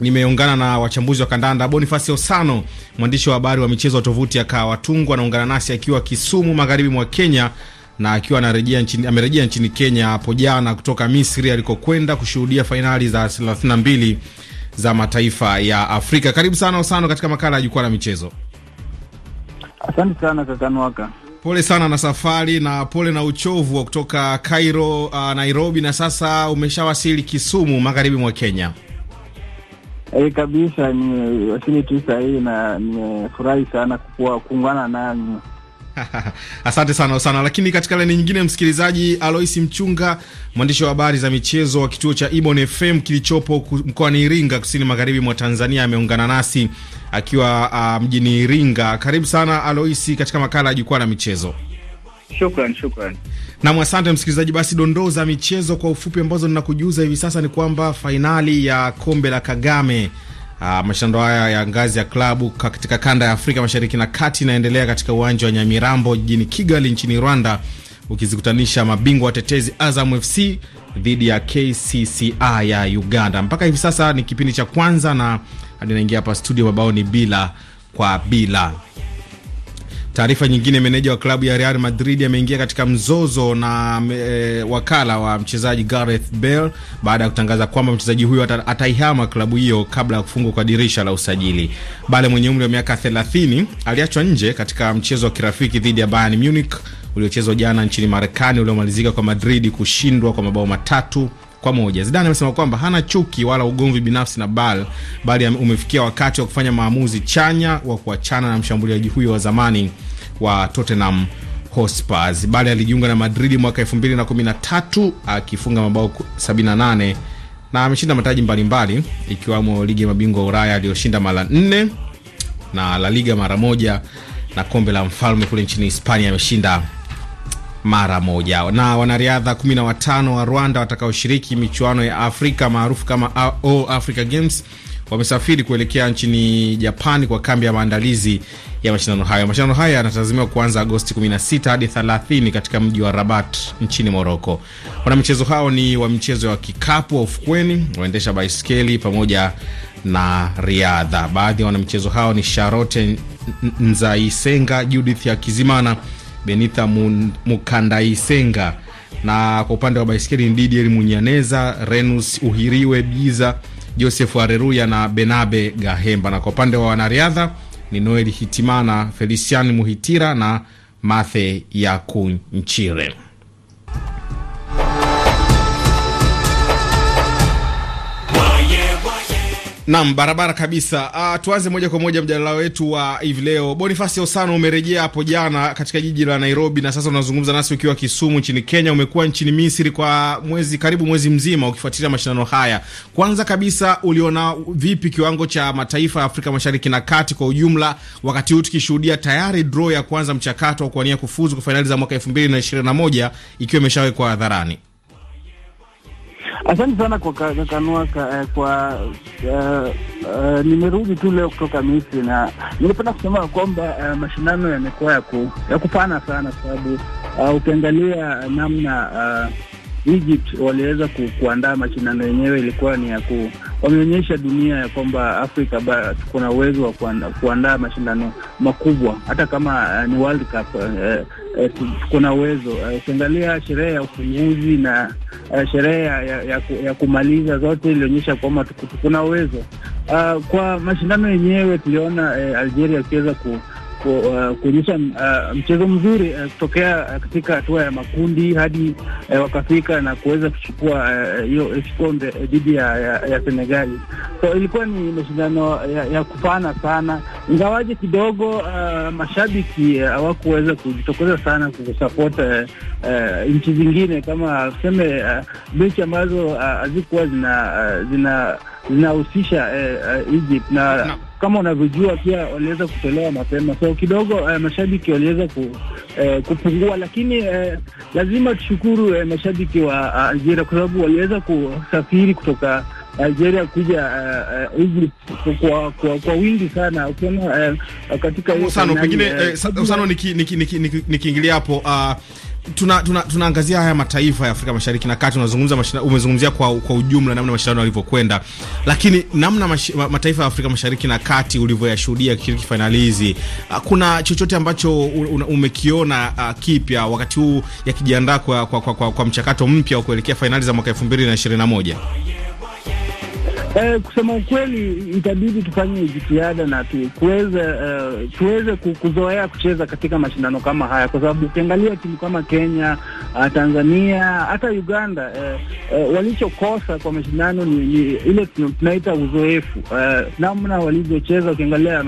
nimeungana na wachambuzi wa kandanda Bonifasi Osano, mwandishi wa habari wa michezo wa tovuti ya Kawatungwa, anaungana nasi akiwa Kisumu, magharibi mwa Kenya, na akiwa anarejea nchini, amerejea nchini Kenya hapo jana kutoka Misri alikokwenda kushuhudia fainali za 32 za mataifa ya Afrika. Karibu sana Osano katika makala ya jukwaa la michezo. Asante sana Kakanwaka. Pole sana na safari na pole na uchovu wa kutoka Cairo, uh, Nairobi, na sasa umeshawasili Kisumu, magharibi mwa Kenya. Hey, eh, kabisa nimewasili tu sahii na nimefurahi sana kuungana nanyi. Asante sana sana. Lakini katika laini nyingine, msikilizaji Alois Mchunga, mwandishi wa habari za michezo wa kituo cha Ibon FM kilichopo mkoani Iringa, kusini magharibi mwa Tanzania, ameungana nasi akiwa uh, mjini Iringa. Karibu sana Aloisi katika makala ya jukwaa la michezo. Shukran, shukran nam. Asante msikilizaji. Basi dondoo za michezo kwa ufupi ambazo ninakujuza hivi sasa ni kwamba fainali ya kombe la Kagame Uh, mashindano haya ya ngazi ya klabu katika kanda ya Afrika Mashariki na Kati inaendelea katika uwanja wa Nyamirambo jijini Kigali nchini Rwanda, ukizikutanisha mabingwa watetezi Azam FC dhidi ya KCCA ya Uganda. Mpaka hivi sasa ni kipindi cha kwanza na hadi naingia hapa studio, mabao ni bila kwa bila. Taarifa nyingine, meneja wa klabu ya Real Madrid ameingia katika mzozo na e, wakala wa mchezaji Gareth Bale baada ya kutangaza kwamba mchezaji huyo ataihama klabu hiyo kabla ya kufungwa kwa dirisha la usajili. Bale mwenye umri wa miaka 30 aliachwa nje katika mchezo wa kirafiki dhidi ya Bayern Munich uliochezwa jana nchini Marekani uliomalizika kwa Madrid kushindwa kwa mabao matatu kwa moja. Zidane amesema kwamba hana chuki wala ugomvi binafsi na Bale, bali umefikia wakati wa kufanya maamuzi chanya wa kuachana na mshambuliaji huyo wa zamani wa Tottenham Hotspur. Bale alijiunga na Madrid mwaka 2013 akifunga mabao 78 na ameshinda mataji mbalimbali ikiwamo ligi ya mabingwa Ulaya aliyoshinda mara nne na La Liga mara moja na kombe la mfalme kule nchini Hispania ameshinda mara moja. Na wanariadha 15 wa Rwanda watakaoshiriki michuano ya Afrika maarufu kama O Africa Games wamesafiri kuelekea nchini Japani kwa kambi ya maandalizi ya mashindano hayo. Mashindano hayo yanatazamiwa kuanza Agosti 16 hadi 30 katika mji wa Rabat nchini Moroko. Wanamichezo hao ni wa michezo ya kikapu wa ufukweni, waendesha baiskeli pamoja na riadha. Baadhi ya wanamichezo hao ni Sharote Nzaisenga, Judith Yakizimana Benita Mukandaisenga, na kwa upande wa baiskeli ni Didier Munyaneza, Renus Uhiriwe Biza, Joseph Areruya na Benabe Gahemba, na kwa upande wa wanariadha ni Noel Hitimana, Felician Muhitira na Mathe Yakunchire. Naam, barabara kabisa. Uh, tuanze moja kwa moja mjadala wetu wa hivi leo. Bonifasi Osano, umerejea hapo jana katika jiji la Nairobi na sasa unazungumza nasi ukiwa Kisumu nchini Kenya. Umekuwa nchini Misri kwa mwezi karibu mwezi mzima ukifuatilia mashindano haya. Kwanza kabisa, uliona vipi kiwango cha mataifa ya Afrika Mashariki na Kati kwa ujumla, wakati huu tukishuhudia tayari draw ya kwanza mchakato wa kuwania kufuzu kwa fainali za mwaka 2021 ikiwa imeshawekwa hadharani? Asante sana kwa kakanua ka, kwa uh, uh, nimerudi tu leo kutoka Misri na nilipenda kusema kwamba uh, mashindano yamekuwa ya, ku, ya kupana sana sababu uh, ukiangalia namna uh, Egypt waliweza ku, kuandaa mashindano yenyewe ilikuwa ni ya ku wameonyesha dunia ya kwamba Afrika tuko na uwezo wa kuandaa, mashindano makubwa hata kama uh, ni World Cup uh, uh, tuko na uwezo ukiangalia uh, sherehe ya ufunguzi na uh, sherehe ya, ya, ya, ya kumaliza zote ilionyesha kwamba tuko na uwezo uh, kwa mashindano yenyewe tuliona uh, Algeria akiweza ku Uh, kuonyesha uh, mchezo mzuri uh, kutokea uh, katika hatua ya makundi hadi uh, wakafika na kuweza kuchukua uh, hiyo uh, kombe dhidi ya, ya, ya Senegali. So ilikuwa ni mashindano ya, ya kufana sana, ingawaje kidogo uh, mashabiki hawakuweza uh, kujitokeza sana kusupport uh, uh, nchi zingine kama tuseme uh, mechi ambazo hazikuwa uh, zina uh, zina linahusisha eh, eh, Egypt na no. Kama unavyojua pia waliweza kutolewa mapema, so kidogo eh, mashabiki waliweza ku, eh, kupungua, lakini eh, lazima tushukuru eh, mashabiki wa eh, Algeria kwa sababu waliweza kusafiri kutoka Algeria kuja uh, Egypt kwa, kwa, kwa wingi sana ukiona uh, katika pengine Usano nikiingilia niki, niki, niki hapo uh, tuna, tuna, tunaangazia haya mataifa ya Afrika Mashariki na Kati, unazungumza umezungumzia kwa, kwa ujumla namna mashindano yalivyokwenda, lakini namna mash, mataifa ya Afrika Mashariki na Kati ulivyoyashuhudia kishiriki fainali hizi, ah, kuna chochote ambacho umekiona uh, kipya wakati huu yakijiandaa kwa, kwa, kwa, kwa, kwa mchakato mpya wa kuelekea fainali za mwaka moja? Eh, kusema ukweli itabidi tufanye jitihada na tuweze uh, tuweze kuzoea kucheza katika mashindano kama haya, kwa sababu ukiangalia timu kama Kenya, uh, Tanzania hata Uganda eh, eh, walichokosa kwa mashindano ni, ni ile tunaita uzoefu eh, namna walivyocheza. Ukiangalia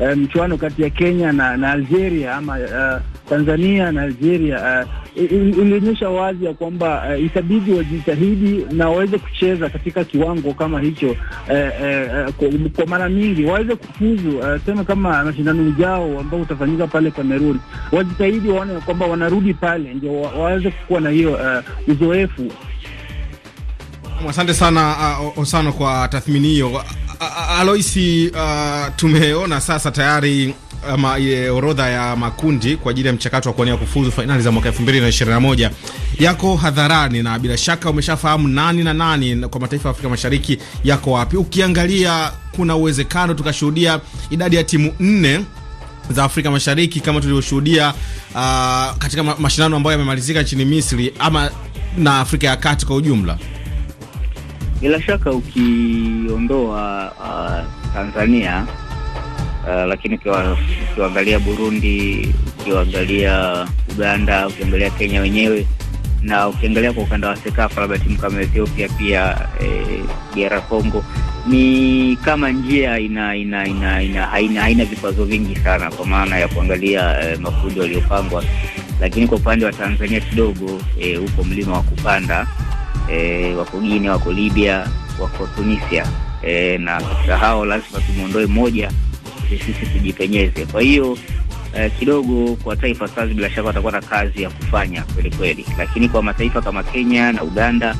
eh, mchuano kati ya Kenya na, na Algeria ama eh, Tanzania na Algeria eh, ilionyesha wazi ya kwamba uh, itabidi wajitahidi na waweze kucheza katika kiwango kama hicho uh, uh, kwa, kwa mara nyingi waweze kufuzu uh, sema kama mashindano ujao ambao utafanyika pale Kamerun, wajitahidi waone kwamba wanarudi pale ndio waweze kukuwa na hiyo uh, uzoefu. Asante sana uh, Osano kwa tathmini hiyo. Aloisi, uh, tumeona sasa tayari ama orodha ya makundi kwa ajili ya mchakato wa kuania kufuzu fainali za mwaka 2021 yako hadharani, na bila shaka umeshafahamu nani na nani kwa mataifa ya Afrika Mashariki yako wapi. Ukiangalia, kuna uwezekano tukashuhudia idadi ya timu nne za Afrika Mashariki kama tulivyoshuhudia uh, katika ma mashindano ambayo yamemalizika nchini Misri ama na Afrika ya Kati kwa ujumla. Bila shaka ukiondoa uh, Tanzania Uh, lakini ukiwaangalia Burundi, ukiwaangalia Uganda, ukiangalia Kenya wenyewe na ukiangalia kwa ukanda wa SEKAFA labda timu kama Ethiopia pia eh, DR e, Congo ni kama njia ina ina ina, ina haina, haina vikwazo vingi sana kwa maana ya kuangalia e, makundi waliopangwa, lakini kwa upande wa Tanzania kidogo e, upo mlima wa kupanda e, wako Guinea, wako Libya, wako Tunisia e, na katika hao lazima tumwondoe moja sisi, sisi tujipenyeze. Kwa hiyo eh, kidogo kwa Taifa Stars bila shaka watakuwa na kazi ya kufanya kweli kweli, lakini kwa mataifa kama Kenya na Uganda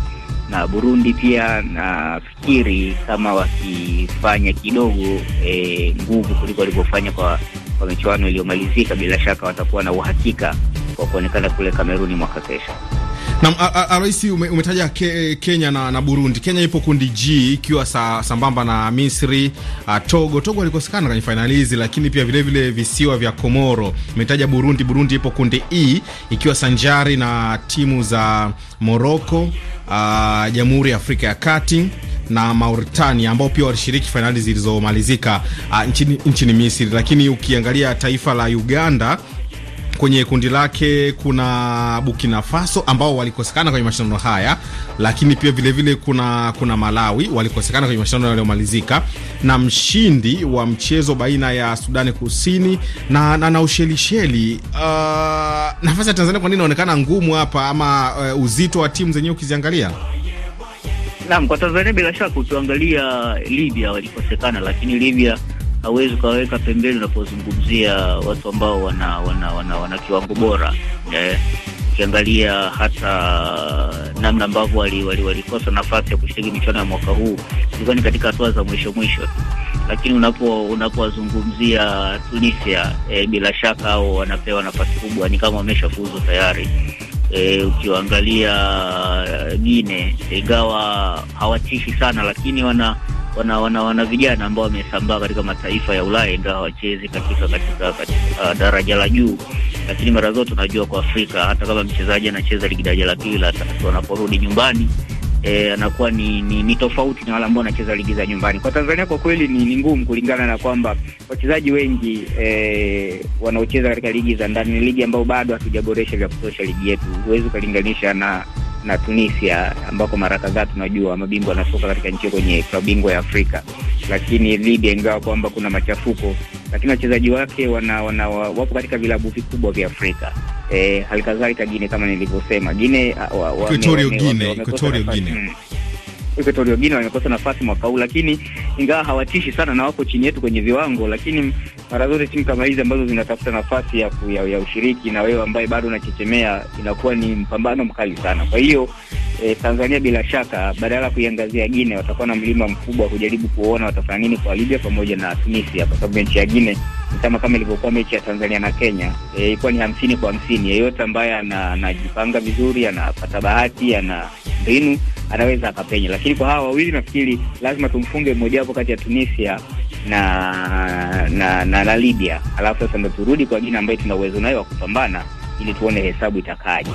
na Burundi pia nafikiri kama wakifanya kidogo eh, nguvu kuliko walivyofanya kwa, kwa michuano iliyomalizika, bila shaka watakuwa na uhakika wa kuonekana kule Kameruni mwaka kesho. Na rais umetaja ke, Kenya na, na Burundi. Kenya ipo kundi G ikiwa sa, sambamba na Misri, a, Togo. Togo alikosekana kwenye fainali hizi, lakini pia vilevile vile visiwa vya Komoro. Umetaja Burundi. Burundi ipo kundi E ikiwa sanjari na timu za Morocco, Jamhuri ya Afrika ya Kati na Mauritania ambao pia walishiriki fainali zilizomalizika nchini, nchini Misri. Lakini ukiangalia taifa la Uganda Kwenye kundi lake kuna Burkina Faso ambao walikosekana kwenye mashindano haya, lakini pia vilevile vile kuna, kuna Malawi walikosekana kwenye mashindano yaliyomalizika, na mshindi wa mchezo baina ya Sudani Kusini na, na, na Ushelisheli. Uh, nafasi ya Tanzania kwa nini inaonekana ngumu hapa ama uh, uzito wa timu zenyewe ukiziangalia? Naam, kwa Tanzania bila shaka ukiangalia Libya walikosekana, lakini Libya hawezi ukaweka pembeni unapozungumzia watu ambao wana wana, wana, wana kiwango bora eh. Ukiangalia hata namna ambavyo walikosa wali, wali nafasi ya kushiriki michuano ya mwaka huu ilikuwa ni katika hatua za mwisho mwisho tu, lakini unapowazungumzia unapo Tunisia eh, bila shaka au wanapewa nafasi kubwa, ni kama wameshafuzu tayari. E, eh, ukiwaangalia Gine eh, ingawa hawatishi sana, lakini wana wana, wana, wana vijana ambao wamesambaa katika mataifa ya Ulaya, ingawa hawachezi katika katika, katika uh, daraja la juu, lakini mara zote unajua kwa Afrika hata kama mchezaji anacheza ligi daraja la pili la wanaporudi nyumbani E, anakuwa ni, ni, ni tofauti na wale ambao wanacheza ligi za nyumbani. Kwa Tanzania kwa kweli ni ngumu, kulingana na kwamba wachezaji wengi e, wanaocheza katika ligi za ndani, ni ligi ambayo bado hatujaboresha vya kutosha ligi yetu, huwezi ukalinganisha na na Tunisia ambako mara kadhaa tunajua mabingwa wanatoka katika nchi kwenye klabu bingwa ya Afrika. Lakini Libya, ingawa kwamba kuna machafuko, lakini wachezaji wake wana, wana, wapo katika vilabu vikubwa vya Afrika. Eh, halikadhalika Gine kama nilivyosema, Gine ah, Equatorial Gine, Equatorial Gine hmm. Equatorial Guinea wamekosa nafasi mwaka huu, lakini ingawa hawatishi sana na wako chini yetu kwenye viwango, lakini mara zote timu kama hizi ambazo zinatafuta nafasi ya, ya, ya ushiriki na wewe ambaye bado unachechemea, inakuwa ni mpambano mkali sana. Kwa hiyo e, Tanzania bila shaka, badala ya kuiangazia Gine, watakuwa na mlima mkubwa kujaribu kuona watafanya nini kwa Libya pamoja na Tunisia, kwa sababu mechi ya Gine kama kama ilivyokuwa mechi ya Tanzania na Kenya e, ilikuwa ni hamsini kwa hamsini. Yeyote ambaye anajipanga vizuri, anapata bahati, ana mbinu, anaweza akapenya, lakini kwa hawa wawili nafikiri lazima tumfunge mmojawapo kati ya Tunisia na na, na, na Libya, alafu sasa ndo turudi kwa Gine ambaye tuna uwezo nayo wa kupambana ili tuone hesabu itakaje.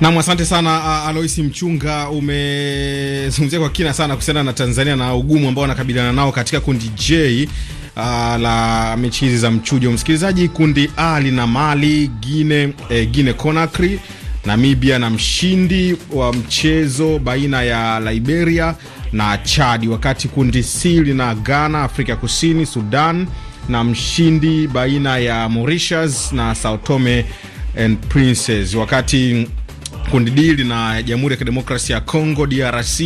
Nam, asante sana Alois Mchunga, umezungumzia kwa kina sana kuhusiana na Tanzania na ugumu ambao wanakabiliana nao katika kundi J uh, la mechi hizi za mchujo. Msikilizaji, kundi A lina Mali, Gine, eh, Gine Conakry, Namibia na mshindi wa mchezo baina ya Liberia na Chadi, wakati kundi C lina Ghana, Afrika Kusini, Sudan na mshindi baina ya Mauritius na Sao Tome and Princes, Wakati kundi D lina Jamhuri ya Kidemokrasia ya Kongo, DRC,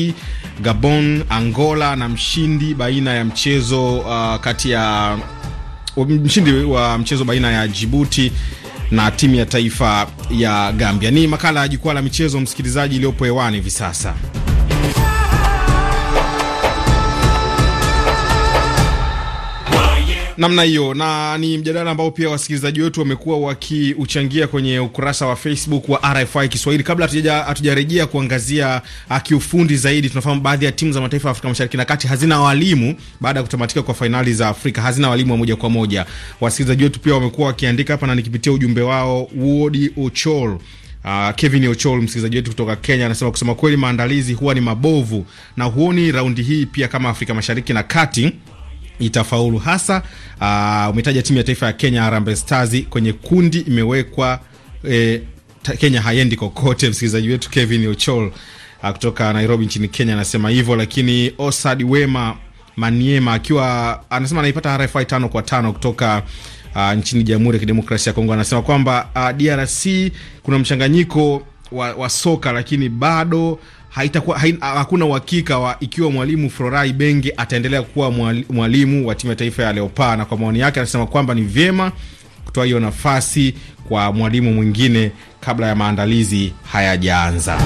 Gabon, Angola na mshindi baina ya mchezo uh, kati ya mshindi wa mchezo baina ya Djibouti na timu ya taifa ya Gambia. Ni makala ya jukwaa la michezo msikilizaji, iliyopo hewani hivi sasa. namna hiyo, na ni mjadala ambao pia wasikilizaji wetu wamekuwa wakiuchangia kwenye ukurasa wa Facebook wa RFI Kiswahili. Kabla hatujarejea kuangazia ah, kiufundi zaidi, tunafahamu baadhi ya timu za mataifa ya Afrika Mashariki na Kati hazina walimu baada ya kutamatika kwa fainali za Afrika, hazina walimu wa moja kwa moja. Wasikilizaji wetu pia wamekuwa wakiandika hapa, na nikipitia ujumbe wao Wodi Ochol Uh, Kevin Ochol msikilizaji wetu kutoka Kenya anasema kusema kweli, maandalizi huwa ni mabovu na huoni raundi hii pia kama Afrika Mashariki na Kati itafaulu hasa. Uh, umetaja timu ya taifa ya Kenya Harambee Stars kwenye kundi imewekwa eh, Kenya haiendi kokote. Msikilizaji wetu Kevin Ochol uh, kutoka Nairobi nchini Kenya anasema hivyo, lakini Osad Wema Maniema akiwa anasema anaipata RFI tano kwa tano kutoka uh, nchini Jamhuri ya Kidemokrasia ya Kongo anasema kwamba uh, DRC kuna mchanganyiko wa, wa soka lakini bado haitakuwa hakuna uhakika wa ikiwa mwalimu Florai Benge ataendelea kuwa mwalimu wa timu ya taifa ya Leopa, na kwa maoni yake anasema kwamba ni vyema kutoa hiyo nafasi kwa mwalimu mwingine kabla ya maandalizi hayajaanza.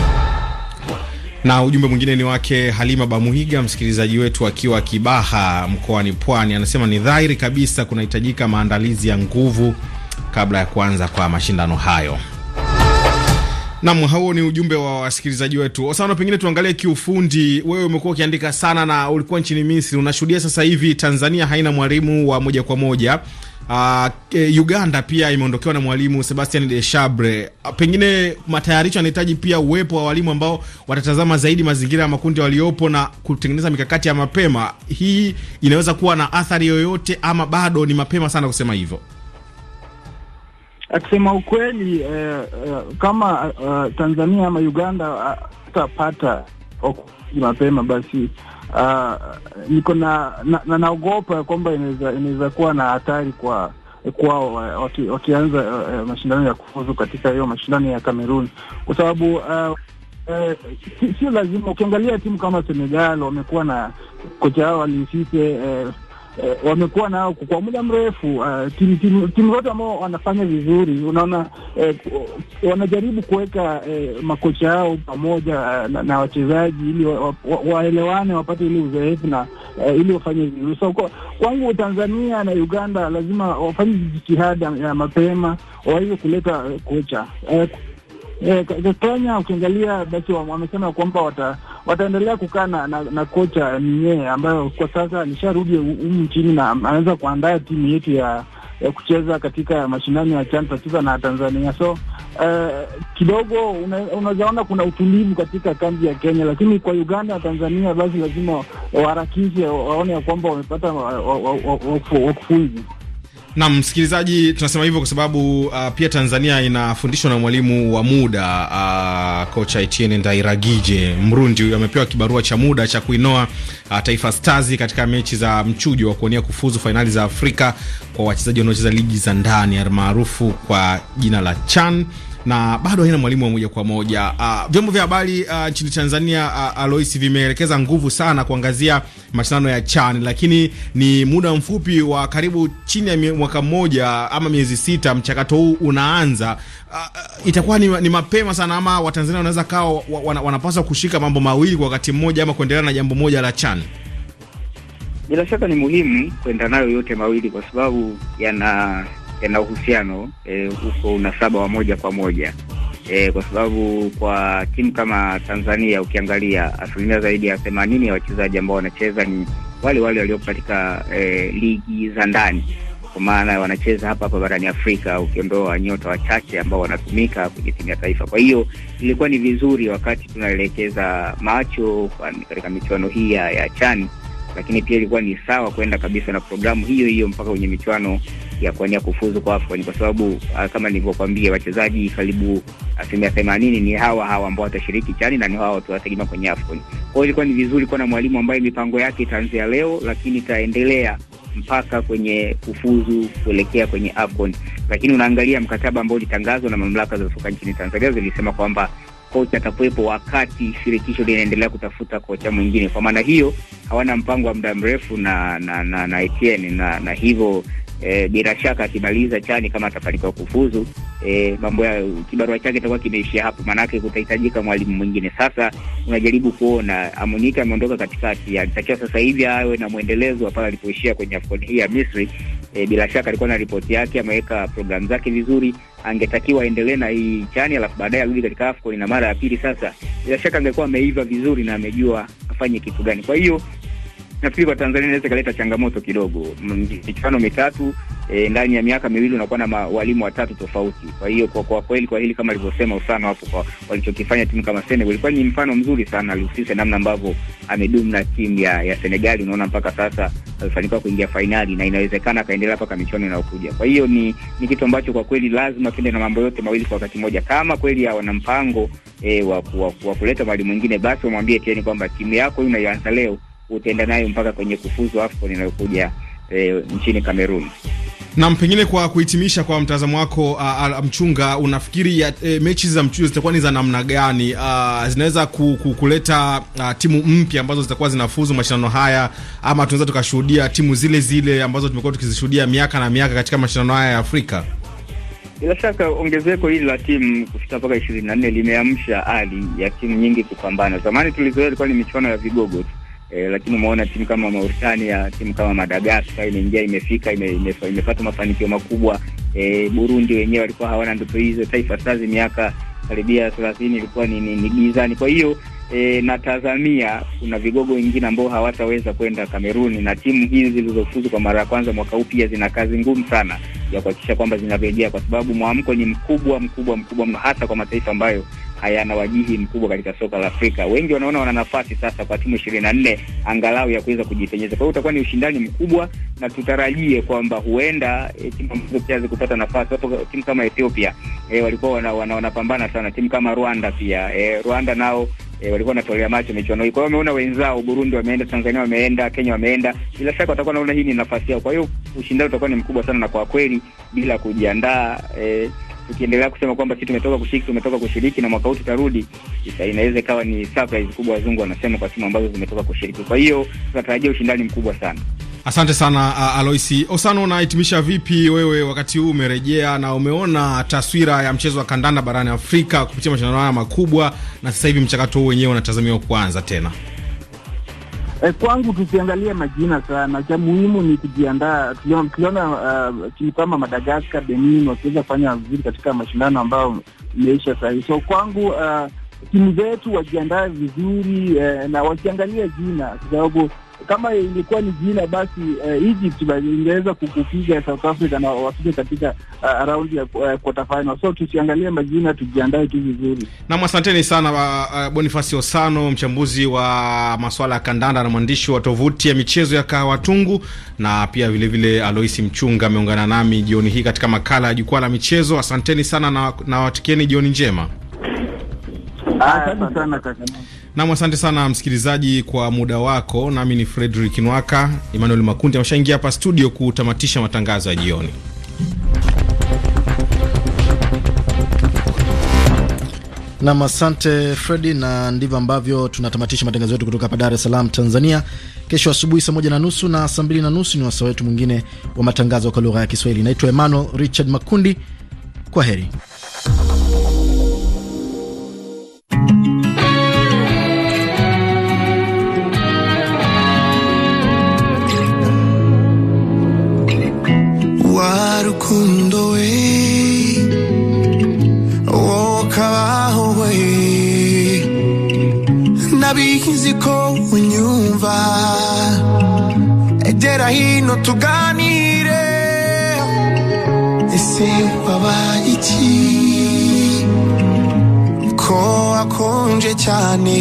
Na ujumbe mwingine ni wake Halima Bamuhiga, msikilizaji wetu akiwa Kibaha mkoani Pwani, anasema ni dhahiri kabisa kunahitajika maandalizi ya nguvu kabla ya kuanza kwa mashindano hayo. Nam, huo ni ujumbe wa wasikilizaji wetu. Sana pengine tuangalie kiufundi. Wewe umekuwa ukiandika sana na ulikuwa nchini Misri, unashuhudia sasa hivi Tanzania haina mwalimu wa moja kwa moja. Uh, Uganda pia imeondokewa na mwalimu Sebastian Deshabre. Ah, pengine matayarisho yanahitaji pia uwepo wa walimu ambao watatazama zaidi mazingira ya makundi waliopo na kutengeneza mikakati ya mapema. Hii inaweza kuwa na athari yoyote ama bado ni mapema sana kusema hivyo? Akisema ukweli eh, eh, kama uh, Tanzania ama Uganda ah, hatapata okuji mapema basi Uh, niko na, na, na naogopa kwamba inaweza kuwa na hatari kwa kwao wakianza uh, mashindano ya kufuzu katika hiyo mashindano ya kamerun kwa sababu uh, ah, uh, sio lazima. Ukiangalia timu kama Senegal wamekuwa na kocha wao Alinsise uh, eh, wamekuwa nao kwa muda mrefu. Uh, timu zote ambao wanafanya vizuri, unaona eh, wanajaribu kuweka eh, makocha yao pamoja uh, na, na wachezaji ili wa, wa, waelewane wapate ile uzoefu na uh, ili wafanye vizuri. So kwa, kwangu Tanzania na Uganda lazima wafanye jitihada ya mapema waweze kuleta kocha eh, eh, Kenya ukiangalia basi wamesema kwamba wata, wataendelea kukaa na, na, na kocha mwenyewe ambayo kwa sasa alisharudi humu nchini na anaweza kuandaa timu yetu ya ya kucheza katika mashindano ya CHAN tatiza na Tanzania. So uh, kidogo unaweza ona kuna utulivu katika kambi ya Kenya, lakini kwa Uganda na Tanzania basi lazima waharakishe waone ya kwamba wamepata wakufunzi wa, wa, wa, wa, wa, wa, wa, wa, na msikilizaji, tunasema hivyo kwa sababu uh, pia Tanzania inafundishwa na mwalimu wa muda uh, kocha Etienne Ndairagije Mrundi. Huyo amepewa kibarua cha muda cha kuinoa uh, Taifa Stars katika mechi za mchujo wa kuonea kufuzu fainali za Afrika kwa wachezaji wanaocheza ligi za ndani almaarufu kwa jina la CHAN na bado haina mwalimu wa moja kwa moja. Uh, vyombo vya habari uh, nchini Tanzania uh, Alois vimeelekeza nguvu sana kuangazia mashindano ya CHAN, lakini ni muda mfupi wa karibu chini ya mwaka mmoja ama miezi sita mchakato huu unaanza. Uh, itakuwa ni, ni mapema sana ama Watanzania wanaweza kawa wanapaswa kushika mambo mawili kwa wakati mmoja ama kuendelea na jambo moja la CHAN? Bila shaka ni muhimu kwenda nayo yote mawili kwa sababu yana E, na uhusiano e, uko unasaba wa moja kwa moja e, kwa sababu kwa timu kama Tanzania ukiangalia asilimia zaidi ya themanini ya wachezaji ambao wanacheza ni wale wale waliopo katika e, ligi za ndani kwa maana wanacheza hapa hapa barani Afrika, ukiondoa nyota wachache ambao wanatumika kwenye timu ya taifa. Kwa hiyo ilikuwa ni vizuri wakati tunaelekeza macho katika michuano hii ya, ya chani lakini pia ilikuwa ni sawa kwenda kabisa na programu hiyo hiyo mpaka kwenye michuano ya kuania kufuzu kwa AFCON kwa sababu ah, kama nilivyokuambia, wachezaji karibu asilimia themanini ni hawa hawa ambao watashiriki chani na ni hawa watawategemea kwenye AFCON. Kwa hiyo ilikuwa ni vizuri kuwa na mwalimu ambaye mipango yake itaanzia leo, lakini itaendelea mpaka kwenye kufuzu kuelekea kwenye AFCON. Lakini unaangalia mkataba ambao ulitangazwa na mamlaka za soka nchini Tanzania zilisema kwamba kocha atakuwepo wakati shirikisho linaendelea kutafuta kocha mwingine. Kwa maana hiyo hawana mpango wa muda mrefu na na na, na Etienne na, na hivyo e, bila shaka akimaliza chani kama atafanikiwa kufuzu e, mambo ya kibarua chake itakuwa kimeishia hapo, maanake kutahitajika mwalimu mwingine. Sasa unajaribu kuona Amunike ameondoka katikati, alitakiwa sasa hivi awe na mwendelezo wa pale alipoishia kwenye AFCON hii ya Misri E, bila shaka alikuwa na ripoti yake, ameweka programu zake vizuri, angetakiwa aendelee na hii chani, alafu baadaye arudi katika AFCON na mara ya pili sasa, bila shaka angekuwa ameiva vizuri na amejua afanye kitu gani. Kwa hiyo nafikiri kwa Tanzania inaweza ikaleta changamoto kidogo. Michuano mitatu e, ndani ya miaka miwili unakuwa na walimu watatu tofauti. Kwa hiyo kwa, kwa kweli kwa hili kama alivyosema Usama hapo, kwa walichokifanya timu kama Senegal ilikuwa ni mfano mzuri sana, alihusisha namna ambavyo amedumu na timu ya, ya Senegal. Unaona mpaka sasa alifanikiwa kuingia fainali na inawezekana akaendelea mpaka michuano inayokuja. Kwa hiyo ni, ni kitu ambacho kwa kweli lazima tuende na mambo yote mawili kwa wakati mmoja. Kama kweli wana mpango e, wa kuleta mwalimu mwingine, basi wamwambie tena kwamba timu yako unaianza leo utaenda nayo mpaka kwenye kufuzu AFCON inayokuja e, nchini Kamerun. Na pengine kwa kuhitimisha, kwa mtazamo wako uh, mchunga, unafikiri ya, e, mechi za mchujo zitakuwa ni za namna gani? Uh, zinaweza ku, kuleta uh, timu mpya ambazo zitakuwa zinafuzu mashindano haya, ama tunaweza tukashuhudia timu zile zile ambazo tumekuwa tukizishuhudia miaka na miaka katika mashindano haya ya Afrika? Bila shaka ongezeko hili la timu kufika mpaka ishirini na nne limeamsha hali ya timu nyingi kupambana. Zamani tulizoea ilikuwa ni michuano ya vigogo tu E, lakini umeona timu kama Mauritania, timu kama Madagascar imeingia imefika ime, imepata ime, ime mafanikio makubwa. E, Burundi wenyewe walikuwa hawana ndoto hizo. Taifa Stars miaka karibia 30 ilikuwa ni, ni, ni gizani. Kwa hiyo e, eh, natazamia kuna vigogo wengine ambao hawataweza kwenda Kameruni, na timu hizi zilizofuzu kwa mara ya kwanza mwaka huu pia zina kazi ngumu sana ya kuhakikisha kwamba zinarejea, kwa sababu mwamko ni mkubwa mkubwa mkubwa hasa kwa mataifa ambayo hayana wajihi mkubwa katika soka la Afrika. Wengi wanaona wana nafasi sasa kwa timu ishirini na nne angalau ya kuweza kujipenyeza. Kwa hiyo utakuwa ni ushindani mkubwa, na tutarajie kwamba huenda e, timu ambazo pia zikupata nafasi hapo, timu kama Ethiopia e, walikuwa wana, wana, wana sana, timu kama Rwanda pia e, Rwanda nao E, walikuwa wanatolea macho michuano hii. Kwa hiyo wameona wenzao Burundi wameenda, Tanzania wameenda, Kenya wameenda, bila shaka watakuwa naona hii ni nafasi yao. Kwa hiyo ushindani utakuwa ni mkubwa sana, na kwa kweli bila kujiandaa e, tukiendelea kusema kwamba sisi tumetoka kushiriki, tumetoka kushiriki na mwaka huu tutarudi, inaweza ikawa ni surprise kubwa, wazungu wanasema, kwa timu ambazo zimetoka kushiriki. Kwa hiyo tunatarajia ushindani mkubwa sana. Asante sana uh, Aloisi Osano, unahitimisha vipi wewe wakati huu umerejea na umeona taswira ya mchezo wa kandanda barani Afrika kupitia mashindano haya makubwa, na sasa hivi mchakato huu wenyewe unatazamiwa kuanza tena? Eh, kwangu tusiangalie majina sana, cha muhimu ni kujiandaa. Tuliona uh, timu kama Madagaskar, Benin wakiweza kufanya vizuri katika mashindano ambayo imeisha sahii. So kwangu uh, timu zetu wajiandaa vizuri eh, na wasiangalie jina kwa sababu kama ilikuwa ni jina basi uh, Egypt ingeweza kukupiga South Africa na wafike katika uh, eh, raundi ya uh, quarter final. So tusiangalie majina, tujiandae tu vizuri. Nam, asanteni sana uh, Bonifasi Osano, mchambuzi wa masuala ya kandanda na mwandishi wa tovuti ya michezo ya Kawatungu, na pia vilevile Aloisi Mchunga ameungana nami jioni hii katika makala ya jukwaa la michezo. Asanteni sana na, na watikieni jioni njema. Asante sana kaka. Nam, asante sana msikilizaji kwa muda wako. Nami ni Fredrik Nwaka. Emmanuel Makundi ameshaingia hapa studio kutamatisha matangazo ya jioni. Nam, asante Fredi, na ndivyo ambavyo tunatamatisha matangazo yetu kutoka hapa Dar es Salaam, Tanzania. Kesho asubuhi saa moja na nusu na saa mbili na nusu ni wasaa wetu mwingine wa matangazo kwa lugha ya Kiswahili. Naitwa Emmanuel Richard Makundi, kwa heri. urukundo e, we wowe ukabaho we nabizi ko unyumva egera hino tuganire ese wabaye iki ko wakonje cyane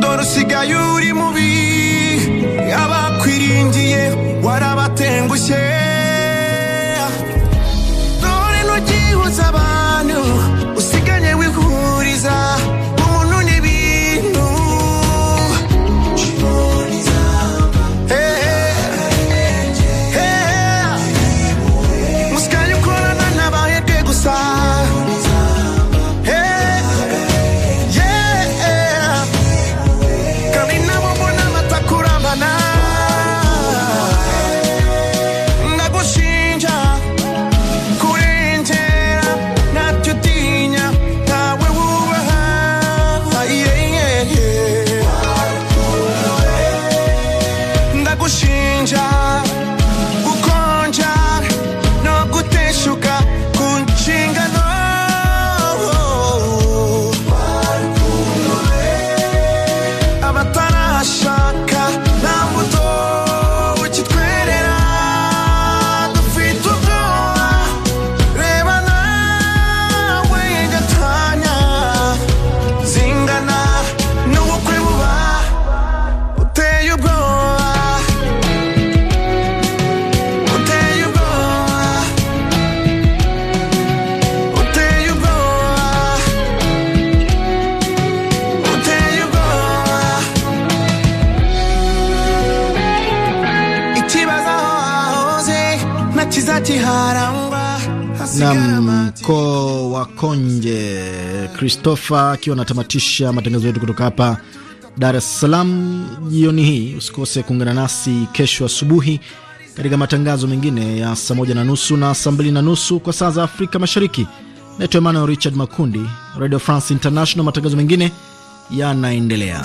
dore usigaye uri mubiri Guarabatengua cheia Christopher akiwa anatamatisha matangazo yetu kutoka hapa Dar es Salaam jioni hii. Usikose kuungana nasi kesho asubuhi katika matangazo mengine ya saa moja na nusu na saa mbili na nusu kwa saa za Afrika Mashariki. Naitwa Emmanuel Richard Makundi, Radio France International. Matangazo mengine yanaendelea.